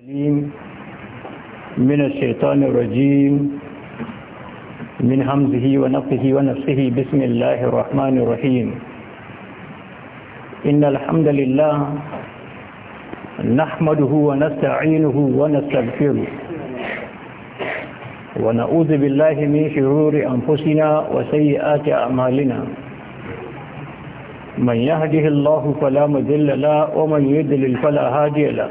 العليم من الشيطان الرجيم من همزه ونفه ونفسه بسم الله الرحمن الرحيم إن الحمد لله نحمده ونستعينه ونستغفره ونعوذ بالله من شرور أنفسنا وسيئات أعمالنا من يهده الله فلا مذل له ومن يدلل فلا هادي له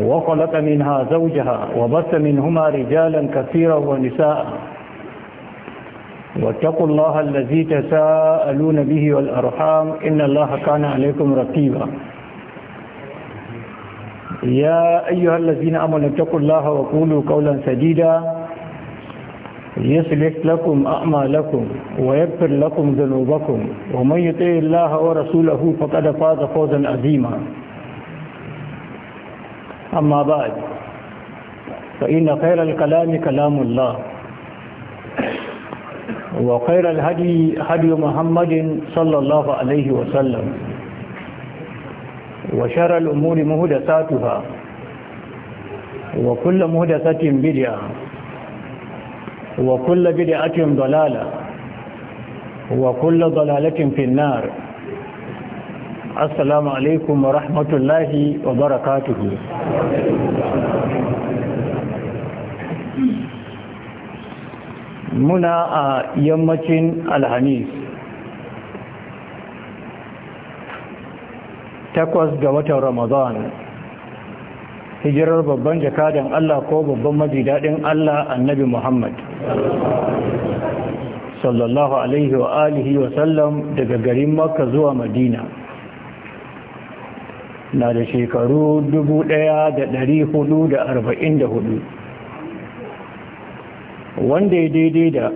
وخلق منها زوجها وبث منهما رجالا كثيرا ونساء واتقوا الله الذي تساءلون به والأرحام إن الله كان عليكم رقيبا يا أيها الذين أمنوا اتقوا الله وقولوا قولا سديدا يصلح لكم أعمالكم ويغفر لكم ذنوبكم ومن يطع الله ورسوله فقد فاز فوزا عظيما أما بعد فإن خير الكلام كلام الله وخير الهدي هدي محمد صلى الله عليه وسلم وشر الأمور مهدساتها وكل مهدسة بدعة وكل بدعة ضلالة وكل ضلالة في النار assalamu alaikum wa rahmatullahi wa barakatuhu muna a yammacin alhamis takwas ga watan ramadan hijirar babban jakadan Allah ko babban daɗin Allah annabi Muhammad sallallahu alaihi wa alihi wa sallam daga garin makka zuwa madina na da shekaru 1444 wanda ya daidai da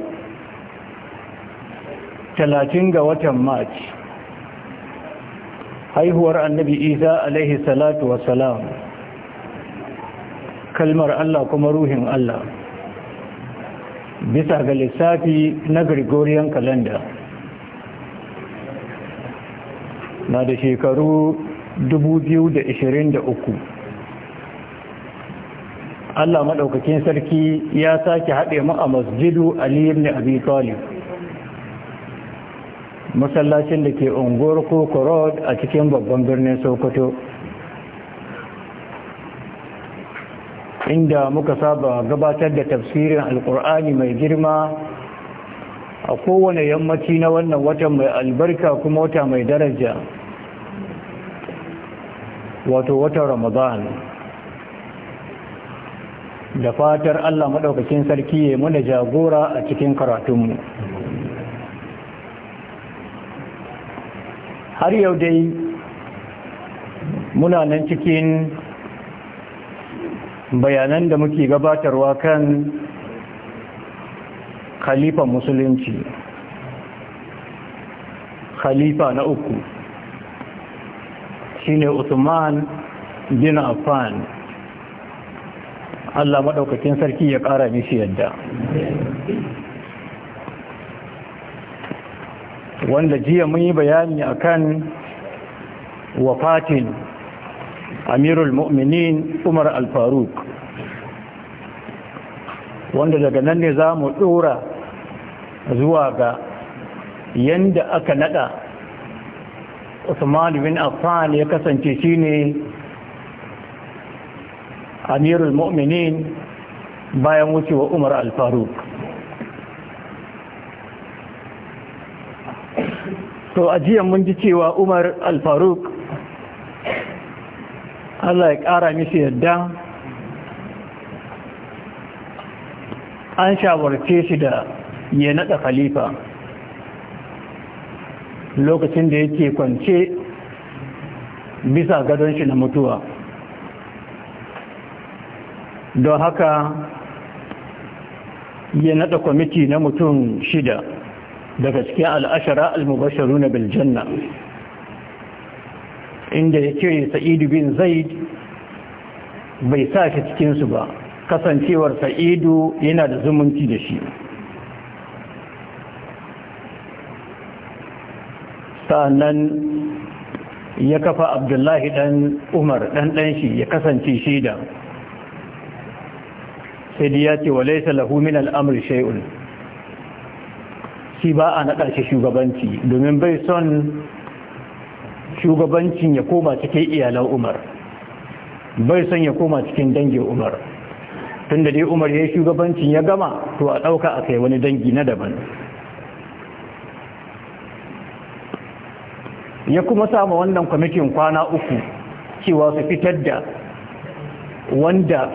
30 ga watan march haihuwar annabi isa alaihi salatu wasalam kalmar allah kuma ruhin allah bisa ga lissafi na gregorian kalanda. na da shekaru 2023 Allah maɗaukakin sarki ya sake haɗe mu a masjidu Ali ibn Abi Talib masallacin da ke unguwar Koko Road a cikin babban birnin Sokoto inda muka saba gabatar da tafsirin alkur'ani mai girma a kowane yammaci na wannan watan mai albarka kuma wata mai daraja wato watan ramadan da fatar allah maɗaukakin sarki ya muna jagora a cikin karatun mu. har yau dai muna nan cikin bayanan da muke gabatarwa kan khalifa musulunci khalifa na uku shine Usman bin Affan Allah madaukakin sarki ya ƙara mishi yadda wanda jiya mun yi bayani akan wafatin Amirul Mu'minin Umar Al-Faruq wanda daga nan ne za mu dora zuwa ga yanda aka nada Usman bin Affan ya kasance shine Amirul Mu'minin bayan wucewa Umar Al-Faruq to jiya mun ji cewa Umar Al-Faruq Allah ya ƙara mishi yadda an shawarce shi da ya naɗa khalifa lokacin da yake kwance bisa gadon shi na mutuwa don haka ya nada kwamiti na mutum shida daga cikin al'ashara al-mubasharu na biljanna inda ya ce sa'idu bin zaid bai sa shi cikinsu ba kasancewar sa'idu yana da zumunci da shi sa'annan ya kafa abdullahi dan umar dan dan shi ya kasance shida sai da ya ce wa laisa lahu min al shi ba a naɗa shi shugabanci domin bai son shugabancin ya koma cikin iyalan umar bai son ya koma cikin dangin umar tun da dai umar ya yi shugabancin ya gama to a ɗauka a kai wani dangi na daban ya kuma sama wannan kwamitin kwana uku cewa su fitar da wanda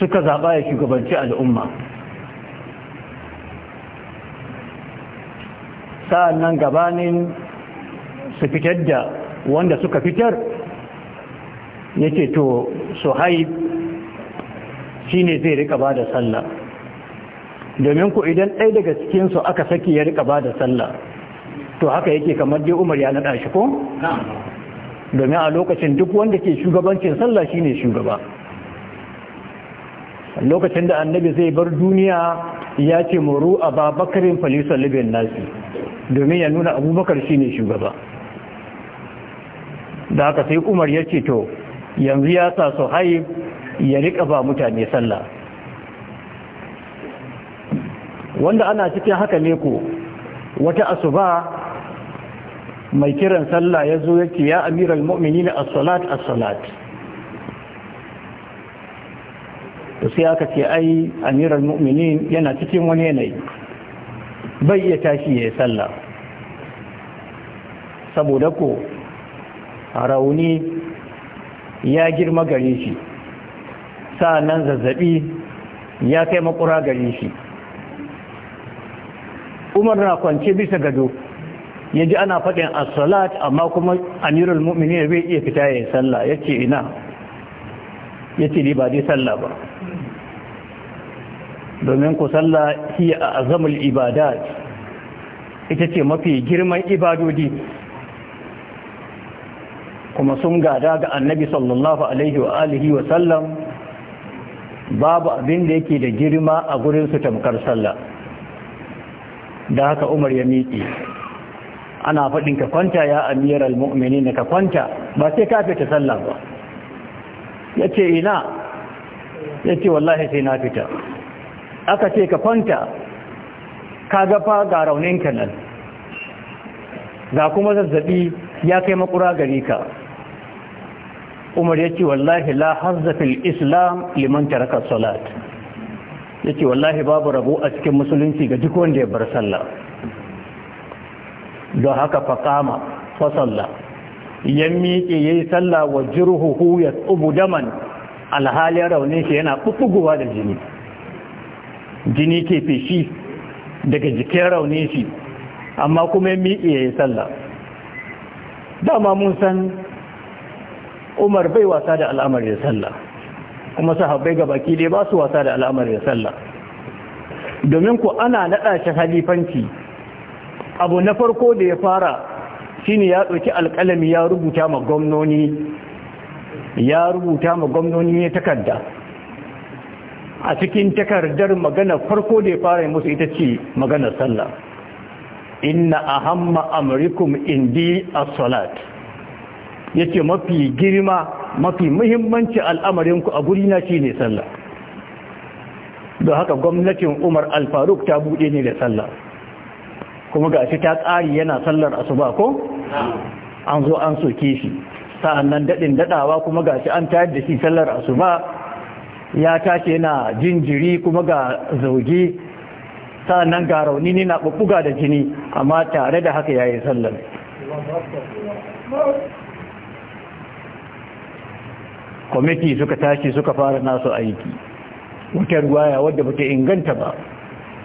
suka zaɓa ya shugabanci al'umma sa'an nan gabanin su fitar da wanda suka fitar ya ce to su haib shi ne zai rika ba da sallah domin ku idan ɗaya daga cikinsu aka saki ya rika ba da sallah to haka yake kamar dai umar ya naɗa shi ko domin a lokacin duk wanda ke shugabancin sallah shine shugaba lokacin da annabi zai bar duniya ya ce muru a babakarin falisar libyan nasi domin ya nuna abubakar shi ne shugaba da haka sai umar ya ce to yanzu ya sa su haif ya riƙa ba mutane sallah wanda ana cikin haka ne ku, wata asuba mai kiran sallah ya zo yake ya amiral mu'mini na as-salat as-salat to sai aka ce ai amiral mu'mini yana cikin wani yanayi bai iya tashi ya sallah saboda ko rauni ya girma gare shi sa'annan zazzabi ya kai makura gare shi umar na kwance bisa gado ya ji ana faɗin asalat salat amma kuma amirul mu'mini bai iya fita ya yi sallah ya ce ina ya ce ni ba dai sallah ba domin ku sallah shi a azamul ibadat ita ce mafi girman ibadodi kuma sun gada ga annabi sallallahu alaihi wa alihi wa sallam babu abin da yake da girma a gurinsu tamkar sallah da haka umar ya miƙe ana faɗin ka kwanta ya amiyar al-mu'mini ka kwanta ba sai ka fita sallah ba ya ce ina ya ce wallahi sai na fita aka ce ka kwanta ka gafa ga rauninka nan ga kuma zazzabi ya kai makura gari ka umar ya ce wallahi la hazzafin islam liman tarakar salat ya ce wallahi babu rabu a cikin musulunci ga duk wanda ya bar sallah don haka faƙama fasalla ya miƙe ya yi salla wa jirhuhu ya tsubu daman alhali raunin shi yana ɓuɓɓugowa da jini jini ke feshi daga jikin raunin shi amma kuma ya miƙe ya yi salla dama mun san umar bai wasa da ya salla kuma sahabbai ga baki dai ba su wasa da ya salla domin ku ana naɗa shi halifanci abu na farko da ya fara shine ya ɗauki alkalami ya rubuta ma gwamnoni ya rubuta ma gwamnoni ne takarda a cikin takardar magana farko da ya fara musu ita ce maganar sallah inna ahamma amrikum indi as-salat yace mafi girma mafi muhimmanci al'amarin ku a guri na shine sallah don haka gwamnatin Umar Al-Faruq ta buɗe ne da sallah kuma ga shi ta tsari yana sallar asuba ko an zo an soke shi sa'annan daɗin daɗawa kuma ga shi an tayar da shi sallar asuba ya tashi yana jinjiri kuma ga zauge sa'annan ga rauni ne na ɓuɓɓuga da jini amma tare da haka yayi sallar kwamiti suka tashi suka fara nasu aiki wata ruwaya wadda bata inganta ba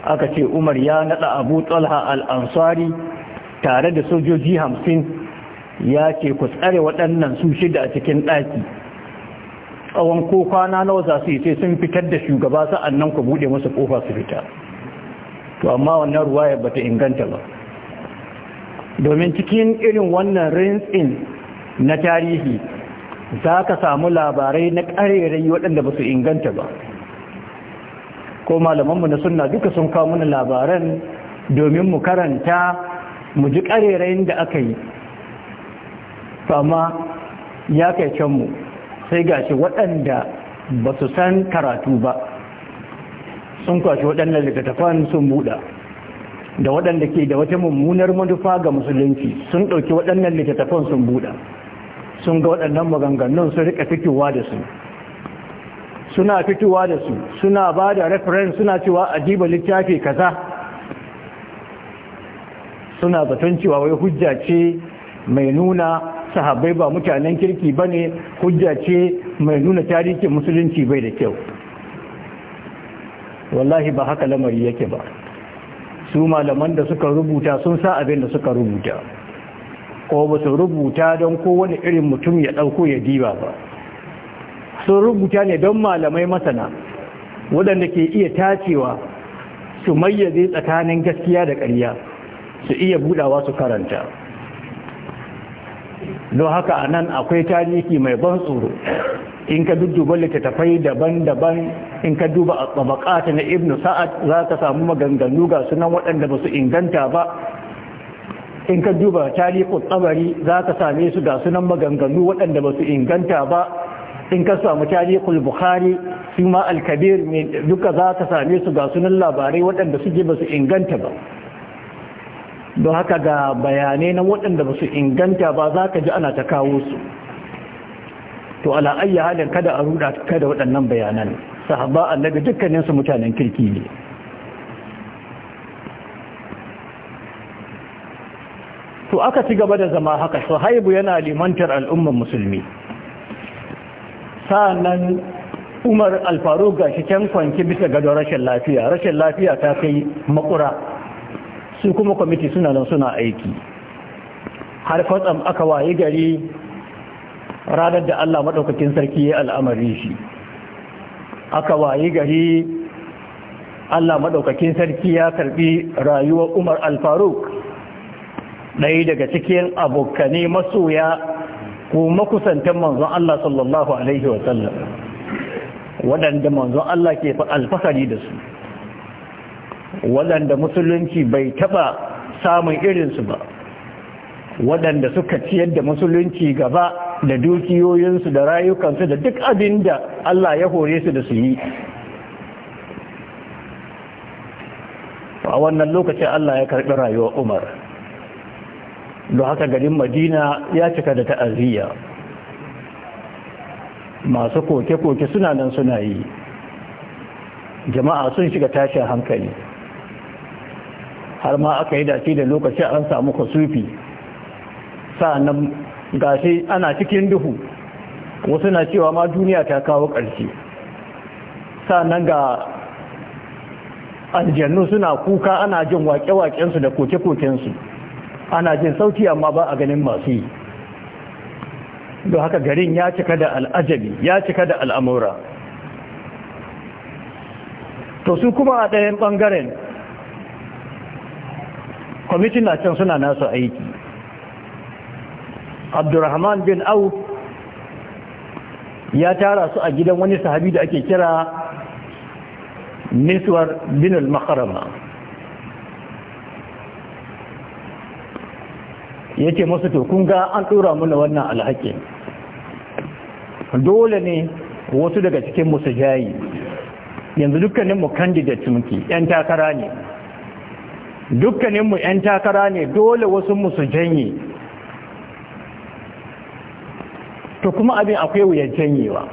aka ce umar ya nada abu talha al-ansari tare da sojoji hamsin ya ce ku tsare waɗannan su shida a cikin ɗaki tsawon ko kwana nawa za su yi sun fitar da shugaba sa'an nan ku buɗe musu ƙofa su fita to amma wannan ruwa ba ta inganta ba domin cikin irin wannan rintsin na tarihi za ka samu labarai na ƙarerai waɗanda ba su inganta ba ko malamanmu na suna duka sun kawo mana labaran domin mu karanta mu ji ƙarerayin da aka yi amma ya kai canmu sai gashi waɗanda ba su san karatu ba sun kwashi waɗannan littattafan sun buɗa da waɗanda ke da wata mummunar manufa ga musulunci sun ɗauki waɗannan littattafan sun buɗa sun ga waɗannan maganganun sun riƙa fitowa da su suna fitowa da su suna ba da reference suna cewa ajiba littafi kaza suna zaton cewa wai hujja ce mai nuna sahabbai ba mutanen kirki ba ne hujja ce mai nuna tarihin musulunci bai da kyau wallahi ba haka lamari yake ba su malaman da suka rubuta sun sa abin da suka rubuta ko ba su rubuta don kowane irin mutum ya ɗauko ya diba ba sun rubuta ne don malamai masana waɗanda ke iya tacewa su mayyade tsakanin gaskiya da ƙarya su iya budawa su karanta don haka a nan akwai tarihi mai ban tsoro in ka dudduba littattafai daban-daban in ka duba a tsabakata na ibnu sa'ad za ka samu maganganu ga sunan waɗanda ba su inganta ba in ka duba tarihin tsabari za ka same su ga sunan maganganu waɗanda ba su inganta ba in ka samu tarihul bukhari su ma alkabir duka za ka same su ga sunan labarai waɗanda suke ba su inganta ba don haka ga bayanai na waɗanda ba su inganta ba za ka ji ana ta kawo su to ala'ayya halin kada a ruda kada waɗannan bayanan sahaba annabi dukkaninsu mutanen kirki ne to aka ci gaba da zama haka sahibu yana limantar al'umman musulmi sa’an umar alfaru ga shi can kwanci bisa gado rashin lafiya rashin lafiya ta kai makura su kuma kwamiti suna nan suna aiki har kwatsam aka waye gari ranar da allah maɗaukakin sarki ya al'amari shi aka waye gari allah maɗaukakin sarki ya karbi rayuwar umar alfaru ɗaya daga cikin abokane masoya ko makusantan manzon Allah sallallahu alaihi wa sallam waɗanda manzon Allah ke alfahari da su waɗanda musulunci bai taɓa samun irinsu ba waɗanda suka ciyar da musulunci gaba da dukiyoyinsu da rayukansu da duk abin da Allah ya hore su da su yi a wannan lokacin Allah ya karɓi rayuwar Umar don haka garin madina ya cika da ta'aziyya masu koke-koke suna nan suna yi jama'a sun shiga tashin hankali har ma aka yi dace da lokaci an samu kasufi sa'annan gashi ana cikin duhu wasu na cewa ma duniya ta kawo ƙarshe sa'annan ga aljannu suna kuka ana jin waƙe-waƙensu da koke-kokensu ana jin sauti amma ba a ganin masu yi don haka garin ya cika da al'ajabi ya cika da al'amura to su kuma a ɗayan ɓangaren kwamitin na can suna nasu aiki abdurrahman bin au ya tara su a gidan wani sahabi da ake kira niswar bin al-makarama Yake masu to ga an ɗora mana wannan alhaƙi dole ne wasu daga cikin musu jayi yanzu dukkaninmu candidate muke 'yan takara ne dukkaninmu 'yan takara ne dole wasu musu janye to kuma abin akwai wuyar janyewa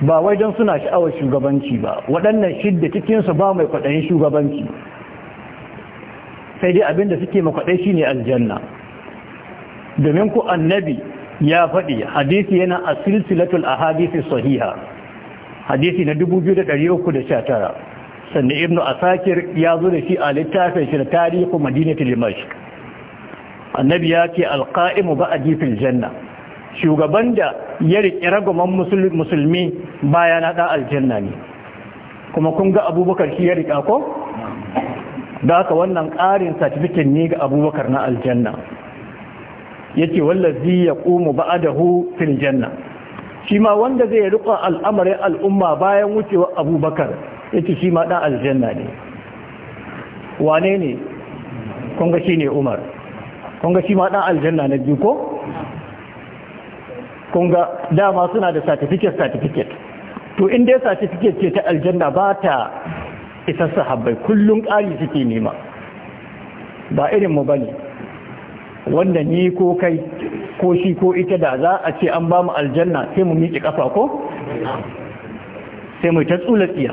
ba wai don suna sha'awar shugabanci ba waɗannan shidda cikinsu ba mai kwaɗayin shugabanci sai dai abinda suke shi shine aljanna domin ku annabi ya faɗi hadisi yana a silsilatul ahadisi sahiha hadisi na 2319 sannan Ibnu asakir ya zo da shi a littafin shi da tarihi madinatul dimashq annabi ya ce alqa'imu ba'di fil janna shugaban da ya riƙe ragaman musulmi baya na ɗan aljanna ne kuma kun ga abubakar shi ya riƙa ko da haka wannan ƙarin satifikin ne ga abubakar na aljanna yake wallazi ya ƙumu ba'adahu fil janna shi ma wanda zai riƙa al'amarin al'umma bayan wucewa abubakar yake shi ma ɗan aljanna ne wane ne kunga shi ne umar kunga shi ma ɗan aljanna na biyu ko kunga dama suna da satifiket satifiket to in dai satifiket ce ta aljanna ba ta ita sahabbai kullum ƙari suke nema ba irin mu bane wanda ni ko kai ko shi ko ita da za a ce an ba mu aljanna sai mu miƙe ƙafa ko sai mu ta tsula tsiya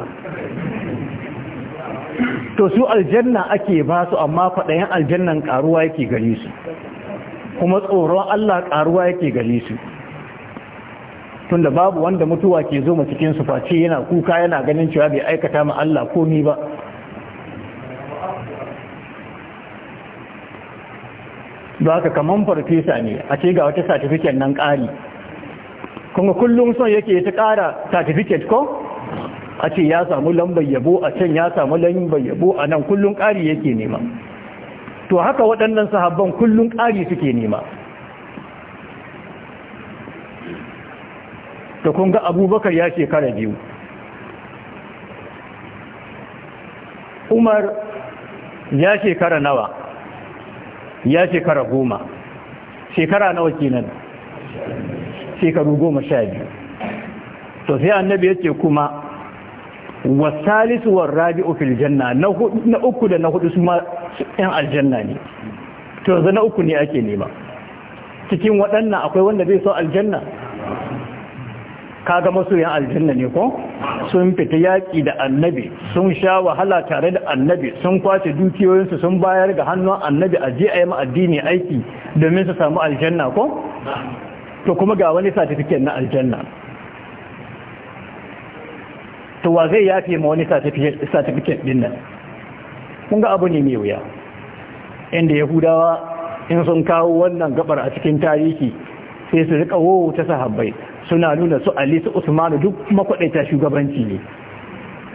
to su aljanna ake ba su amma faɗayen aljannan ƙaruwa yake gare su kuma tsoron Allah ƙaruwa yake gare su tunda babu wanda mutuwa ke zo cikin su face yana kuka yana ganin cewa bai aikata ma Allah komi ba Ba haka kaman farfesa ne a ce ga wata certificate nan ƙari kuma kullum son yake ta ƙara certificate ko a ce ya samu lambar yabo a can ya samu lambar yabo a nan kullum ƙari yake nema to haka waɗannan sahabban kullum ƙari suke nema to kun ga abubakar ya shekara biyu umar ya shekara nawa ya shekara goma shekara nawa kenan shekaru goma sha biyu to sai annabi ya ce kuma wasalisu war rabi ofil janna na uku da na hudu su ma yan aljanna ne to yanzu na uku ne ake nema cikin waɗannan akwai wanda zai so aljanna Ka kaga masoyan aljanna ne ko sun fita yaƙi da annabi sun sha wahala tare da annabi sun kwace dukiyoyinsu sun bayar ga hannun annabi a je a yi addini aiki domin su samu aljanna ko to kuma ga wani satifiket na aljanna to wa zai yafe ma wani satifiket din nan kun ga abu ne mai wuya inda yahudawa in sun kawo wannan gabar a cikin tarihi sai su rika ta sahabbai suna nuna su ali su usman duk makwadaita shugabanci ne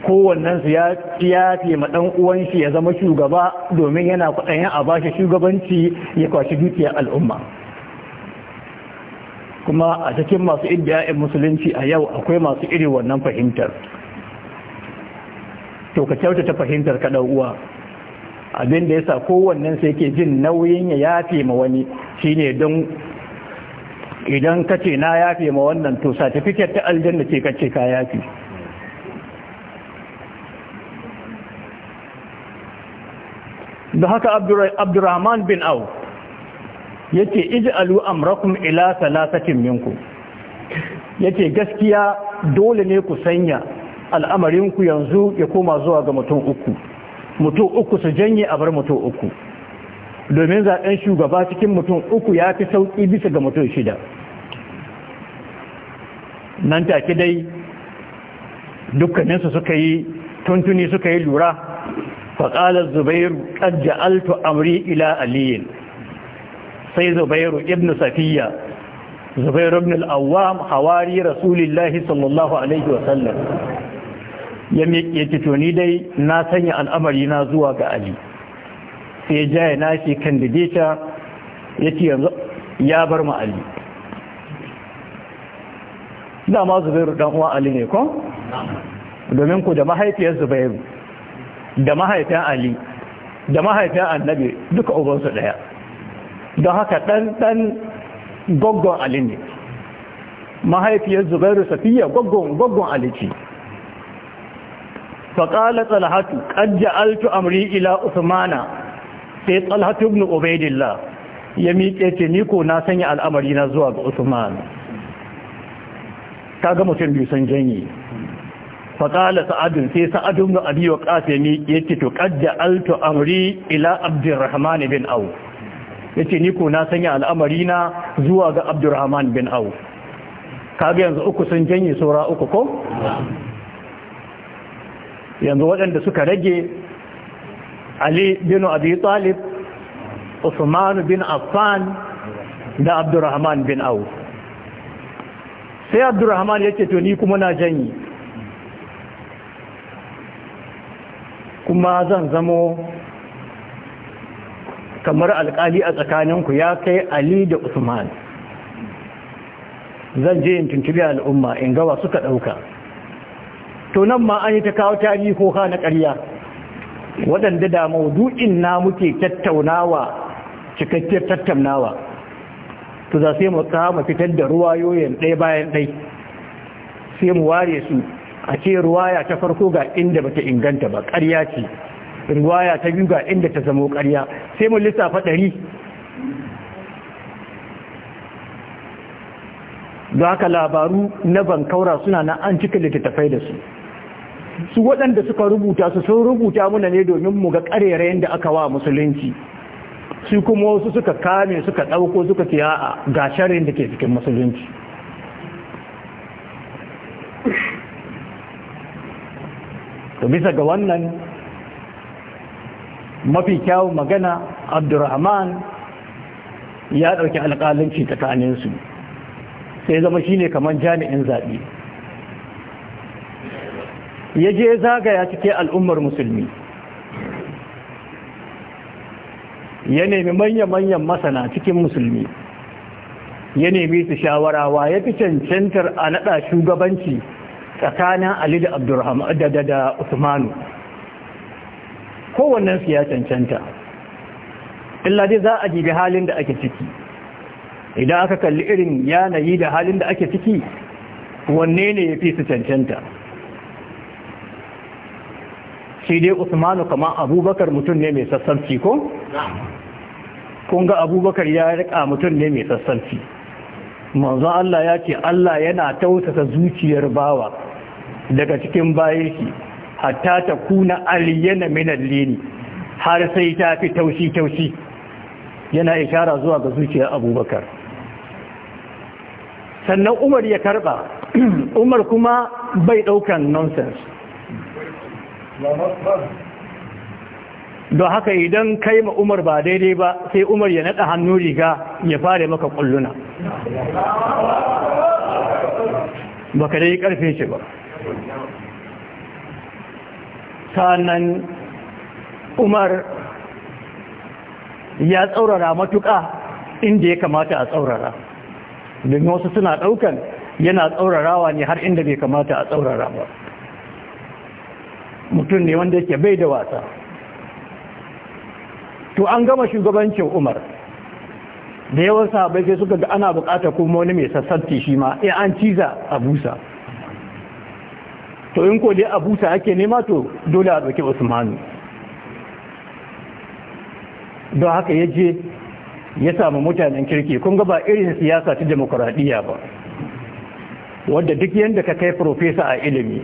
kowannen su ya tiyafe ma dan uwan shi ya zama shugaba domin yana kwadayen a bashi shugabanci ya kwashi dukiyar al'umma kuma a cikin masu iddiya'in musulunci a yau akwai masu iri wannan fahimtar to ka ta fahimtar ka uwa abin da ya sa kowannen sai ke jin nauyin ya yafe ma wani shine don idan ka ce na yafe ma wannan to satifiket ta aljanna ce kace ka yafe da haka abdurrahman bin au ya ce, iji alu amrakum ila salasatin Ya ce gaskiya dole ne ku sanya al'amarinku yanzu ya koma zuwa ga mutum uku mutum uku su janye a bar mutum uku domin zaɓen shugaba cikin mutum uku ya fi sauƙi bisa ga mutum shida nan take dai dukkaninsu suka yi tuntuni suka yi lura faƙalar zubairu ƙajja altu amri ila aliyin sai zubairu ibn safiya zubairu ibn al'awam hawari rasulillahi sallallahu alaihi wasallam ya miƙe titoni dai na sanya al'amari na zuwa ga ali sai ya jaya nashi dideta ya ce yanzu ya bar ma ali dama zubairu dan uwa ali ne ko domin ku da mahaifiyar zubairu da mahaifiyar ali da mahaifiyar annabi duka ubansu daya don haka dan dan goggon ali ne mahaifiyar zubairu safiya goggon goggon ali ce faƙala tsalhatu ƙajja altu amri ila usmana sai talhatu ibn ubaidillah ya miƙe ce ni ko na sanya al'amari na zuwa ga usman ga mutum biyu san janye faƙala sa'adun sai sa'adun ga abi wa ƙasa ya ce to ƙadda alto amri ila abdurrahman bin au ya ce ni ko na sanya al'amari na zuwa ga abdurrahman bin au kaga yanzu uku sun janye saura uku ko yanzu waɗanda suka rage ali bin abi talib usman bin affan da abdurrahman bin Awu sai abdurrahman ya ce to ni kuma na janyi kuma zan zamo kamar alkali a tsakaninku ya kai ali da usman zan je in tuntubi al'umma in gawa suka ɗauka to nan ma an yi ta kawo tarihi ko na ƙarya waɗanda da maudu'in na muke tattaunawa cikakkiyar tattaunawa to za sai mu kama fitar da ruwa ruwayoyin ɗaya bayan ɗai sai mu ware su a ce ruwaya ta farko ga inda bata inganta ba ƙarya ce ruwaya ta biyu ga inda ta zamo ƙarya sai mu lissafa ɗari don haka labaru na bankaura suna na an cika littattafai da su su waɗanda suka rubuta su sun rubuta muna ne domin mu ga ƙarere da aka wa musulunci su kuma wasu suka kame suka ɗauko suka fiya a gasharin da ke cikin musulunci to bisa ga wannan mafi kyawun magana abdurrahman ya ɗauki alƙalanci tsakaninsu sai zama shine kamar jami'in zaɓe ya je zagaya cike al'ummar musulmi ya nemi manya-manyan masana cikin musulmi ya nemi su shawarawa ya fi cancantar a naɗa shugabanci tsakanin ali da abdurrahman da usmanu kowannen su ya cancanta illa dai za a jibi halin da ake ciki idan aka kalli irin yanayi da halin da ake ciki wanne ne ya fi su cancanta Sai dai usmanu kama abubakar mutum ne mai sassanci ko? kun ga abubakar ya rika mutum ne mai sassanci manzo Allah ya ce Allah yana tausasa zuciyar bawa daga cikin bayan shi hatta ta kuna aliyana minallini har sai ta fi taushi-taushi yana ishara zuwa ga zuciyar abubakar sannan umar ya karba umar kuma bai ɗaukan nonsense don haka idan kai ma umar ba daidai ba sai umar ya naɗa hannu riga ya fara maka ƙulluna ba ka dai ƙarfe shi ba sannan umar ya tsaurara matuƙa inda ya kamata a tsaurara domin wasu suna ɗaukan yana tsaurarawa ne har inda bai kamata a tsaurara ba mutum ne wanda yake bai da wasa to an gama shugabancin umar da yawan sahabai sai suka ga ana bukata kuma wani mai sassarci shi ma in eh, an ciza a busa to in ko dai a busa ake nema to dole a ɗauki usmanu don haka ya je ya samu mutanen kirki kun gaba irin siyasa ta demokuraɗiyya ba wadda duk yadda ka kai profesa a ilimi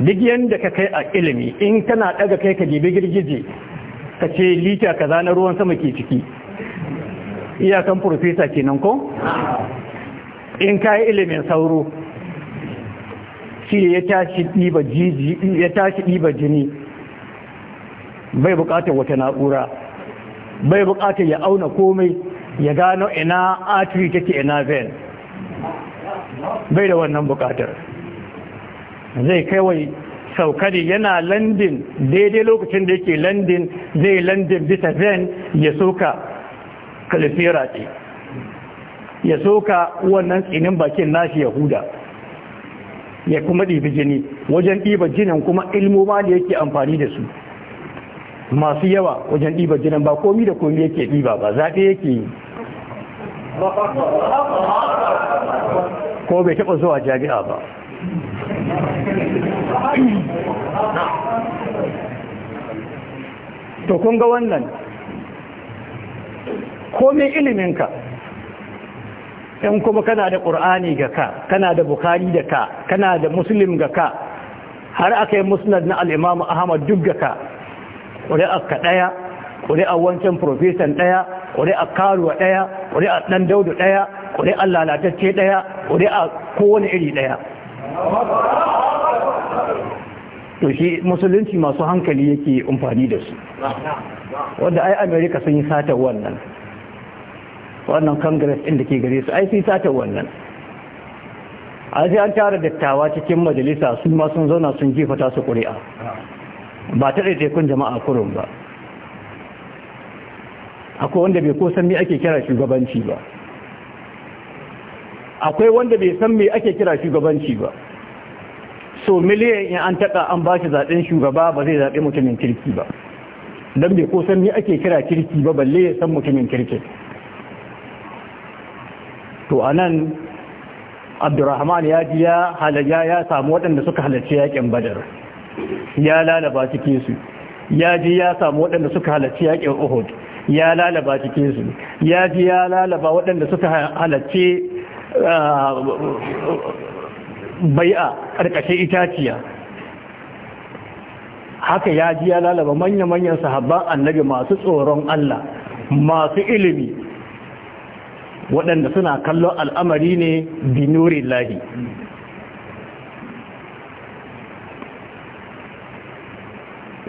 duk yadda ka kai a ilimi in kana daga kai ka jibi girgije ka ce lita ka zana ruwan sama ke ciki iyakan profesa kenan ko in ka yi ilimin sauro shi ya tashi ɗiba jini bai buƙatar wata na'ura bai buƙatar ya auna komai ya gano ina artery take ina vein bai da wannan bukatar zai kawai saukari yana landin daidai lokacin da yake landin zai landin bisa ven ya soka kalifira ce ya soka wannan tsinin bakin nashi yahuda ya kuma ɗibi jini wajen ɗiba jinin kuma ilmoma da yake amfani da su masu yawa wajen ɗiba jinin ba komi da komi yake ɗiba ba zaɓe yake yi ko bai taɓa zuwa jami'a ba to kun ga wannan ilimin iliminka in kuma kana da ƙur'ani ga ka kana da bukari da ka kana da muslim ga ka har aka yi musnad na al'imamu ahmad duk ga ka ƙuri'ar ka ɗaya a wancan profesan ɗaya a karuwa ɗaya a ɗan daudu ɗaya a lalatacce ɗaya a kowane iri ɗaya to shi musulunci masu hankali yake amfani da su wanda ai america sun yi satar wannan wannan congress ɗin da ke gare su ai sun satar wannan a sai an tara dattawa cikin majalisa su ma sun zauna sun jefa ta su ƙuri'a ba ta ɗaiɗaikun jama'a kurun ba akwai wanda bai ko san me ake kira shugabanci ba akwai wanda bai san me ake kira shugabanci ba so miliyan in an taɓa an ba shi zaɓen shugaba ba zai zaɓe mutumin kirki ba don bai kusan ni ake kira kirki ba balle ya san mutumin kirki to a nan abdurrahman ya ji ya halaja ya samu waɗanda suka halarci yaƙin badar ya lalaba cike su ya ji ya samu waɗanda suka halarci yaƙin uhud ya lalaba cike su ya ji ya lalaba waɗanda suka halarci ah, bai'a ƙarƙashin itaciya haka ya ji ya lalaba manya-manyan sahabban annabi masu tsoron Allah masu ilimi waɗanda suna kallon al'amari ne binurin lahi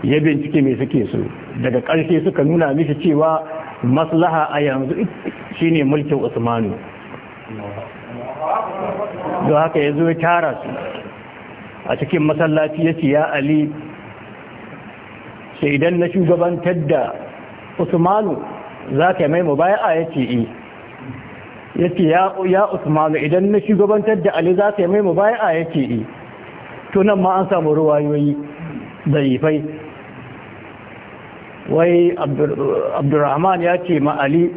ya bincike mai suke su daga ƙarshe suka nuna mishi cewa maslaha a yanzu shine mulkin usmanu don haka ya zo ya tara su a cikin masallaci ya ce ya ali sai idan na shugabantar da usmanu za ka mai baya ya ce yi eh. ya ce ya usmanu idan na shugabantar da ali za ka mai baya ya ce yi eh. tunan ma an samu ruwayoyi fai. wai abdurrahman ya ce ma ali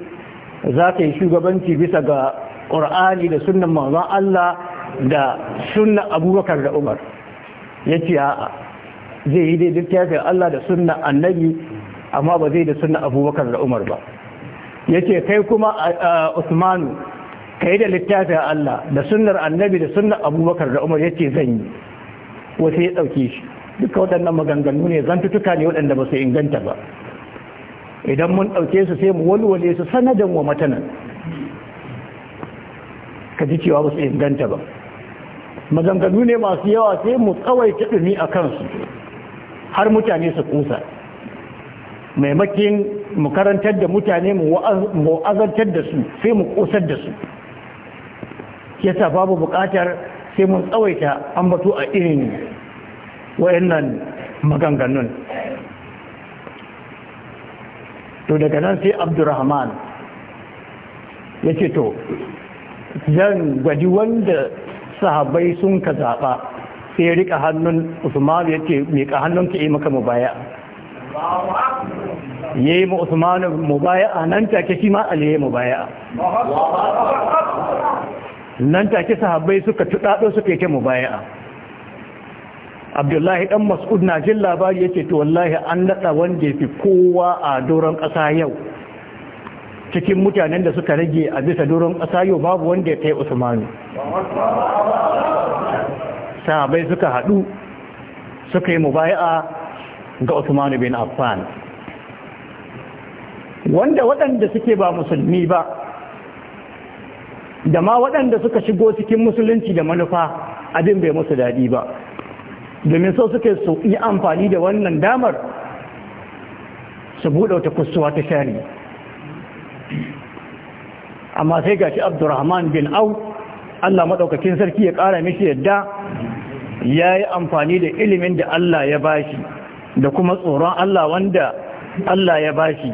za ka yi shugabanci bisa ga ƙor'ani da sunan manzon Allah da sunan abubakar da umar ya ce a'a zai yi dai littafin Allah da sunan annabi amma ba zai da sunan abubakar da umar ba ya ce kai kuma a usmanu ka yi da littafin Allah da sunan annabi da sunan abubakar da umar ya ce zan yi wasu ya ɗauki shi duka waɗannan maganganu ne zantutuka ne waɗanda ba su inganta ba idan mun ɗauke su sai mu walwale su sanadin wa matanan ka ji cewa ba su inganta ba maganganu ne masu yawa sai mu tsawaita ɗumi a kansu har mutane su kusa maimakin mu karantar da mutane mu azantar da su sai mu kusar da su yasa babu buƙatar sai mun tsawaita ambato a irin wayannan maganganun to daga nan sai abdurrahman ya ce to zan gwaji wanda sahabai sun ka zaɓa sai rika hannun usman ya ce miƙa hannun ka yi maka mubaya ya yi ma usman mubaya a nan take shi ma ali ya mubaya nan take sahabai suka tuɗaɗo suka yi ta mubaya abdullahi dan mas'ud na jin labari yake to wallahi an naɗa wanda ya fi kowa a doron ƙasa yau cikin mutanen da suka rage a bisa durin ƙasa yau babu wanda ya kai usmanu sahabai suka haɗu suka yi mubaya ga usmanu bin affan wanda waɗanda suke ba musulmi ba da ma waɗanda suka shigo cikin musulunci da manufa abin bai musu daɗi ba domin so suke su yi amfani da wannan damar su buɗe wata kusurwa ta shari'a amma sai ga shi abdurrahman bin au allah maɗaukakin sarki ya ƙara mishi yadda ya yi amfani da ilimin da allah ya bashi da kuma tsoron allah wanda allah ya bashi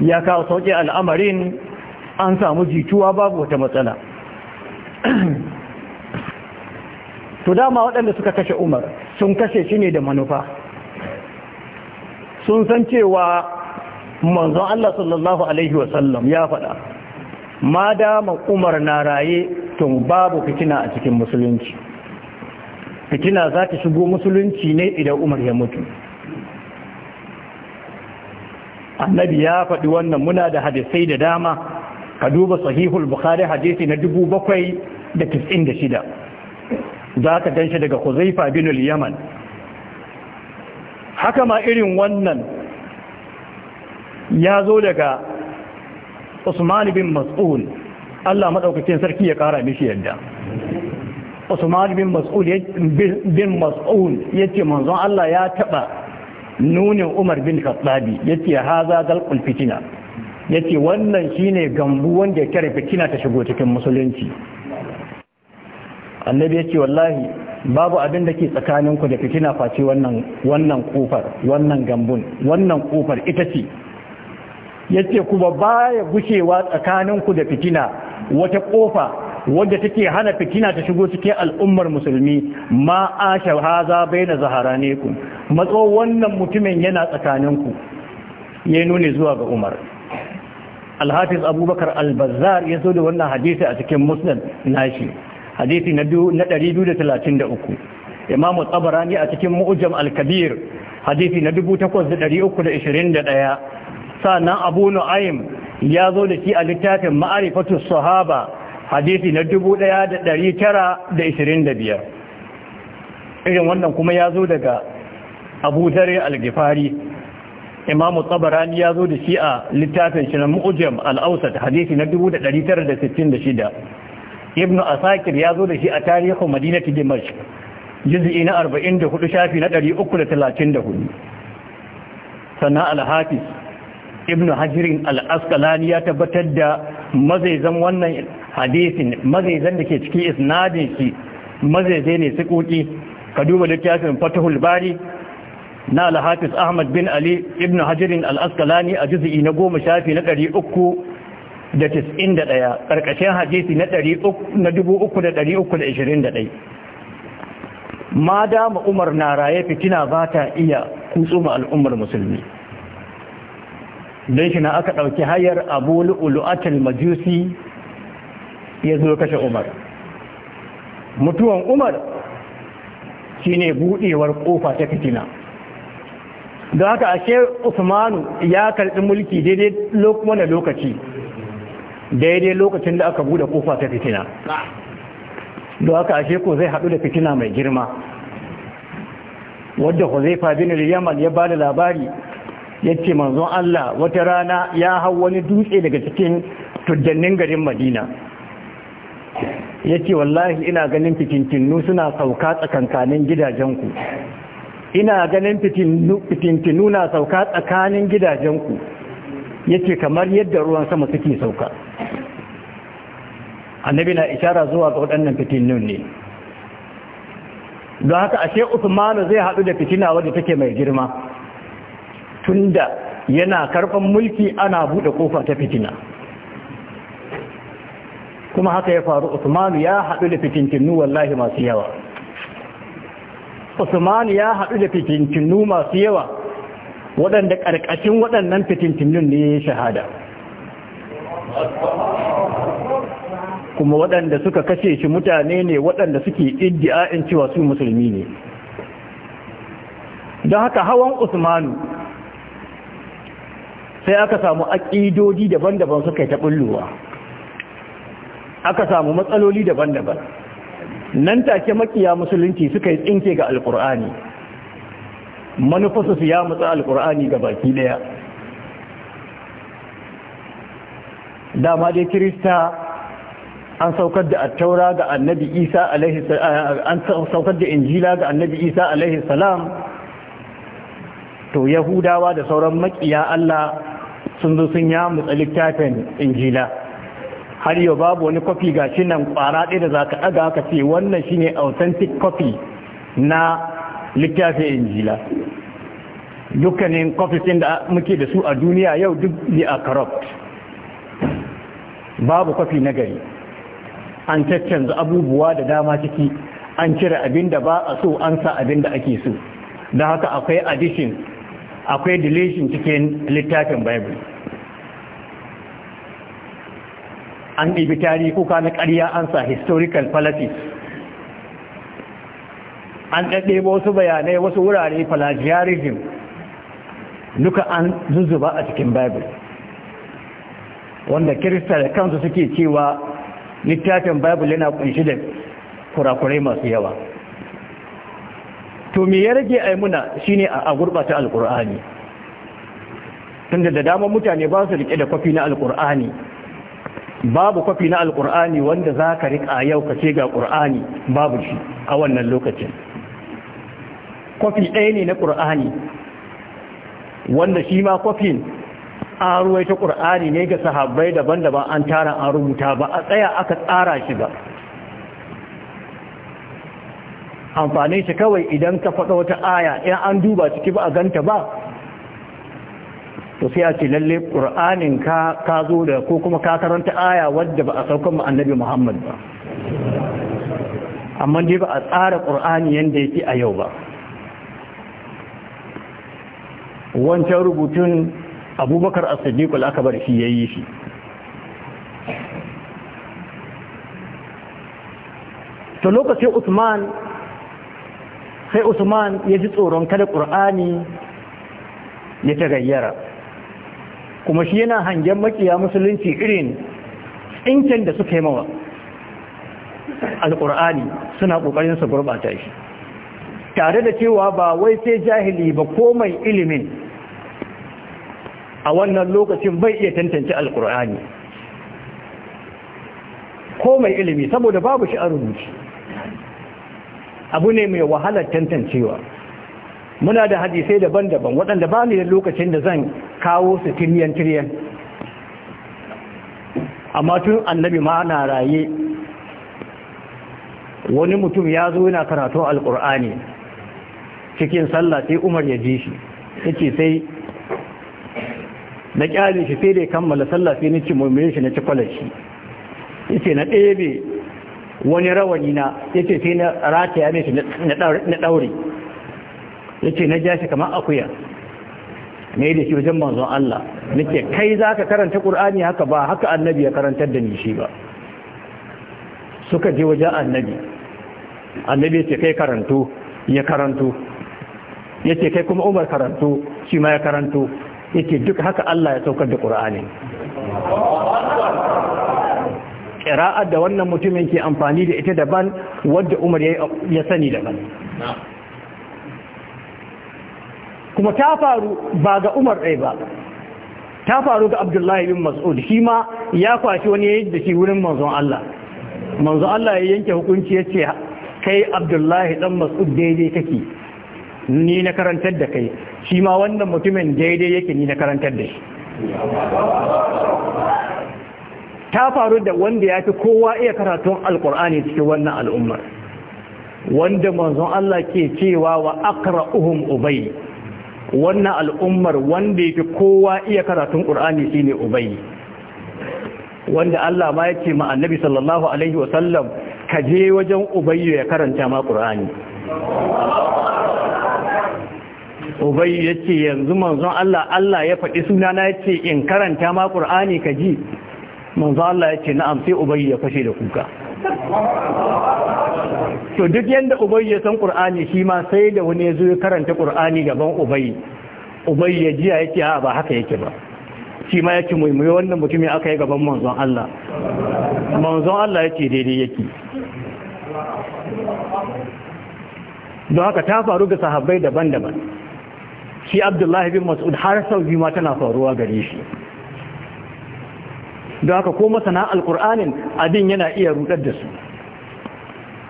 ya kawo sauƙi al'amarin an samu jituwa babu wata matsala to dama waɗanda suka kashe umar sun kashe shi ne da manufa sun san cewa manzon Allah sallallahu alaihi wasallam ya faɗa ma dama umar na raye tun babu fitina a cikin musulunci fitina za ta shigo musulunci ne idan umar ya mutu annabi ya faɗi wannan muna da hadisai da dama ka duba sahihul bukhari hadisi na dubu bakwai da da shida. za ka ganshi daga huzaifa bin yaman haka ma irin wannan ya zo daga Usman bin Mas'ul Allah madaukakin sarki ya kara mishi yadda Usman bin Mas'ul bin Mas'ul yace manzon Allah ya taba nunin Umar bin Khattab yace haza zalqul fitina yace wannan shine gambu wanda ya kare fitina ta shigo cikin musulunci Annabi yace wallahi babu abin da ke tsakaninku da fitina face wannan wannan kofar wannan gambun wannan kofar ita ce yace kuma baya gushewa tsakaninku da fitina wata ƙofa wadda take hana fitina ta shigo cikin al'ummar musulmi ma asha haza zahra ku matso wannan mutumin yana tsakaninku ya nune zuwa ga Umar al Abubakar Albazar bazzar ya zo da wannan hadisi a cikin Muslim nashi hadisi na 233 Imam Tabarani a cikin Mu'jam Al-Kabir hadisi na 8321 sannan abu nu'aym ya zo da shi a littafin ma'arifatu sahaba hadisi na 1925 irin wannan kuma ya zo daga abu dare al-gifari imamu tsabarani ya zo da shi a littafin shi na mu'ujem al-ausat hadisi na 1966 ibnu asakir ya zo da shi a tarihin madinati dimashq jizi'i na 44 shafi na 334 sannan al-hafiz ibnu hajirin al ya tabbatar da mazaizan wannan hadisin mazaizan da ke ciki isnadin shi mazaizai ne sukuki ka duba littafin fatahul bari na Alhafis ahmad bin ali ibnu hajirin al a juzi'i na goma shafi na uku da da ɗaya, ƙarƙashin hadisi na uku uku da da ɗari ishirin ɗai ma dama umar na raye fitina ba ta iya kutsu ma al'ummar musulmi don shi na aka ɗauki hayar abu lu'atul majusi ya zo kashe umar mutuwan umar shine buɗewar ƙofa ta fitina don haka ashe usmanu ya karɓi mulki daidai wani lokaci daidai lokacin da aka buɗe ƙofa ta fitina don haka ashe ko zai haɗu da fitina mai girma wadda huzaifa bin yamal ya bada labari Ya ce manzon Allah wata rana ya hau wani dutse daga cikin tuddannin garin Madina ce wallahi ina ganin fitintinu suna sauka tsakankanin gidajenku ina ganin fitintinu na sauka tsakanin gidajenku Ya ce kamar yadda ruwan sama suke sauka annabi na ishara zuwa ga waɗannan fitinun ne don haka ashe usmanu zai haɗu da fitina wadda take mai girma tunda yana karban mulki ana buɗe kofa ta fitina kuma haka ya faru Usman ya haɗu da fitintinu wallahi masu yawa Usman ya haɗu da fitintinu masu yawa waɗanda ƙarƙashin waɗannan fitintinun ne ya shahada kuma waɗanda suka kashe shi mutane ne waɗanda suke iddia'in cewa su musulmi ne don haka hawan Usmanu sai aka samu aƙidodi daban-daban suka yi ta bulluwa aka samu matsaloli daban-daban nan take makiya musulunci suka yi tsinke ga Alƙur'ani, manufasa su ya matsa alkur'ani ga baki daya dama dai kirista an saukar da attaura ga annabi isa alaihi eh, an saukar da injila ga annabi isa alaihi salam to yahudawa da sauran makiya allah sun zo sun ya mutsa littafin injila har yau babu wani kwafi ga shi nan kwara ɗaya da za ka ɗaga ka ce wannan shi ne authentic kwafi na littafin injila dukkanin kwafis da muke da su a duniya yau duk ne a corrupt babu kwafi na gari an caccanza abubuwa da dama ciki an cire abin da ba a so an sa abin da ake so da haka akwai addition akwai deletion cikin littafin bible an ɗibi tarihi kuka na ƙarya an sa historical fallacies an ɗaɗɗebo wasu bayanai wasu wurare plagiarism duka an zuzuba a cikin bible wanda kirista da kansu suke cewa littafin bible yana kunshi da kurakurai masu yawa to me ya rage ai muna shine a gurɓata Alƙur'ani, tunda da dama mutane ba su rike da kwafi na Alƙur'ani. babu kwafi na Alƙur'ani wanda za ka rika yau ka ce ga ƙur'ani babu shi a wannan lokacin kwafi ɗaya ne na ƙur'ani wanda shi ma kwafin an ta ƙur'ani ne ga sahabbai daban-daban an tara an rubuta ba a tsaya aka tsara shi ba amfane shi kawai idan ka faɗa wata aya in an duba ciki ba a ganta ba to sai a ce lalle ƙur'anin ka ka zo da ko kuma ka karanta aya wadda ba a saukan mu annabi muhammad ba amma dai ba a tsara ƙur'ani yadda yake a yau ba wancan rubutun abubakar asadikul aka bar shi ya yi shi to lokacin usman sai usman ya ji tsoron kada ƙur'ani ya tagayyara kuma shi yana hangen makiya musulunci irin tsinken da suka yi mawa Al-ƙur'ani suna ƙoƙarin su gurɓata shi tare da cewa ba wai sai jahili ba ko ilimin a wannan lokacin bai iya tantance al ko mai ilimi saboda babu shi a rubuci abu ne mai wahalar tantancewa muna da hadisai daban-daban waɗanda ba ni da lokacin da zan kawo su tiriyan-tiriyan amma tun annabi ma na raye wani mutum ya zo yana karatu alkur'ani cikin sallah sai umar ya ji shi yake sai na kyale shi sai dai kammala sallah sai na ci murmurin shi na ci kwalashi. yake na ɗebe wani rawani na ya ce sai na rataya mai na daure ce na ja shi kamar akuya yi da shi wajen manzon Allah na ce kai za ka karanta ƙur'ani haka ba haka annabi ya karantar da ni shi ba suka je wajen annabi annabi ya ce kai karanto ya karanto ce kai kuma Umar karanto shi ma ya karanto ce duk haka Allah ya saukar da ƙur'ani. ƙira'ar da wannan mutumin ke amfani da ita daban wadda umar ya sani daban kuma ta faru ba ga umar ɗai ba ta faru ga abdullahi bin mas'ud shi ma ya kwashi wani yayin da shi wurin manzon Allah manzon Allah ya yanke hukunci ya ce kai abdullahi ɗan mas'ud daidai kake ni na karantar da kai shi ma wannan mutumin daidai yake ni na karantar da shi ta faru da wanda ya fi kowa iya karatun alkur'ani cikin wannan al'ummar wanda manzon Allah ke cewa wa aqra'uhum ubay wannan al'ummar wanda ya fi kowa iya karatun qur'ani shine ubay wanda Allah ma yake ma annabi sallallahu alaihi wasallam ka je wajen ubay ya karanta ma qur'ani ubay yace yanzu manzon Allah Allah ya faɗi sunana yace in karanta ma qur'ani ka ji manzo Allah ya ce na'am sai ya fashe da kuka to duk yanda ubayi ya san qur'ani shi ma sai da wani ya zo ya karanta qur'ani gaban ubayi ubayi ya jiya yake a ba haka yake ba shi ma yake mai wannan mutum aka yi gaban manzon Allah manzon Allah yake daidai yake don haka ta faru ga sahabbai daban-daban shi abdullahi bin mas'ud har sau biyu ma tana faruwa gare shi da haka ko masana alkur'anin abin yana iya rudar da su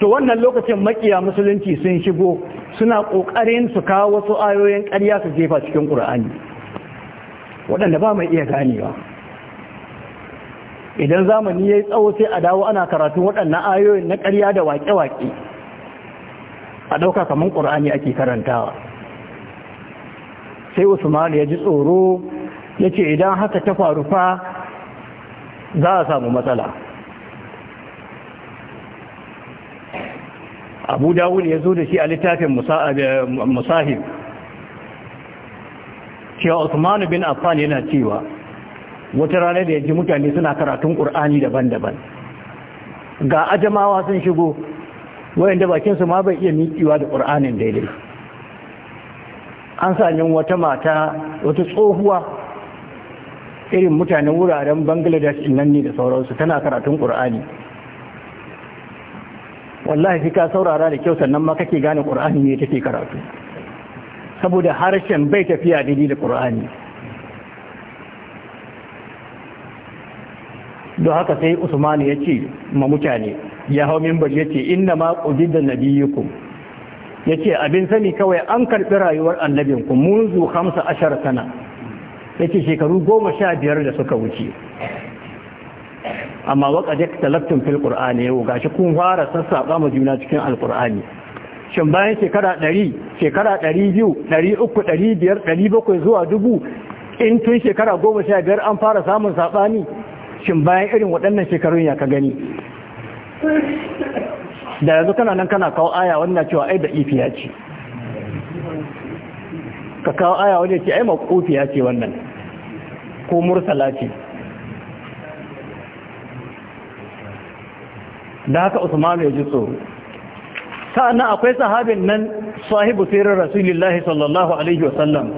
to wannan lokacin makiya musulunci sun shigo suna kokarin su kawo wasu ayoyin ƙarya su jefa cikin ƙur'ani waɗanda ba mai iya ganewa idan zamani yayi tsawo sai a dawo ana karatu waɗannan ayoyin na ƙarya da waƙe-waƙe a ɗauka kamar ƙur'ani ake karantawa sai usman ya ji tsoro ya idan haka ta faru fa za a samu matsala abu dawud ya zo da shi a littafin eh, musahib cewa usmanu bin affan yana cewa wata ranar da ya ji mutane suna karatun ƙur'ani daban-daban ga ajamawa sun shigo wayanda bakin su ma bai iya miƙiwa da ƙur'anin daidai an sami wata mata wata tsohuwa irin mutanen wuraren bangladesh nan ne da sauransu tana karatun ƙur'ani wallahi fi ka saurara da kyau sannan ma kake gane ƙur'ani ne take karatu saboda harshen bai tafiya daidai da ƙur'ani don haka sai usmanu ya ce ma mutane ya hau mimbar ya ce inna ma ƙudidan nabiyukum ya ce abin sani kawai an karɓi rayuwar annabinku munzu hamsa ashar sana ya ce shekaru goma sha biyar da suka wuce amma waka da talaftun fil ya yau gashi kun fara sassaɓa ma juna cikin alƙur'ani shin bayan shekara ɗari shekara ɗari biyu ɗari uku ɗari biyar ɗari bakwai zuwa dubu in tun shekara goma sha biyar an fara samun saɓani shin bayan irin waɗannan shekarun ya ka gani da yanzu kana nan kana kawo aya wannan cewa ai da ifiya ce ka kawo aya wani ce ai ya ce wannan ko mursala ce da haka usman ya ji tsoro sa'annan akwai sahabin nan sahibu sirrin rasulullahi sallallahu alaihi wasallam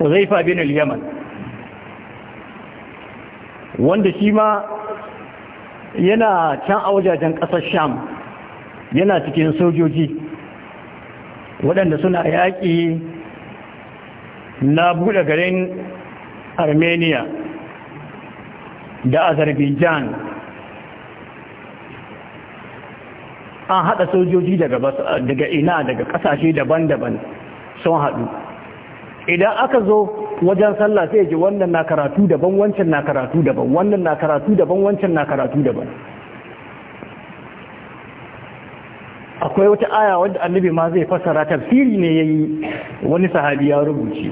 huzaifa bin al-yaman wanda shi ma yana can a wajajen ƙasar sham yana cikin sojoji waɗanda suna yaƙi na buɗe garin armenia da azerbaijan an haɗa sojoji daga ina daga ƙasashe daban-daban sun haɗu idan aka zo wajen sallah sai ji wannan na karatu daban wancan na karatu daban wannan na karatu daban wancan na karatu daban akwai wata aya wadda annabi ma zai fassara tafsiri ne yayi wani sahabi ya rubuce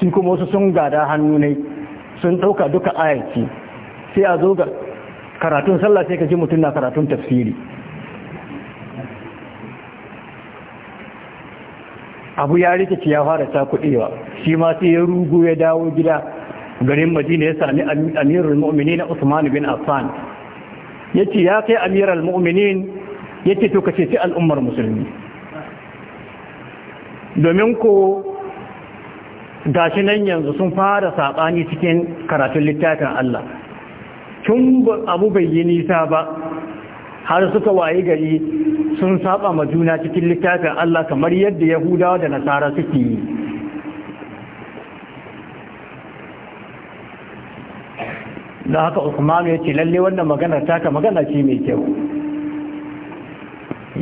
shi kuma wasu sun gada hannu ne sun ɗauka duka ayaki sai a zo ga karatun sallah sai ka ji mutum na karatun tafsiri abu ya rikici ya fara kuɗewa shi ma sai ya rugu ya dawo gida garin madina ya sami amirul mu'minin usman bin affan yace ya kai amirul mu'minin yace to kace ci al'ummar musulmi domin ko shi nan yanzu sun fara saɓani cikin karatun littafin Allah tun abu bai yi nisa ba har suka waye gari sun saba ma juna cikin littafin Allah kamar yadda Yahudawa da Nasara suke yi da haka Usman ya ce lalle wannan magana taka magana ce mai kyau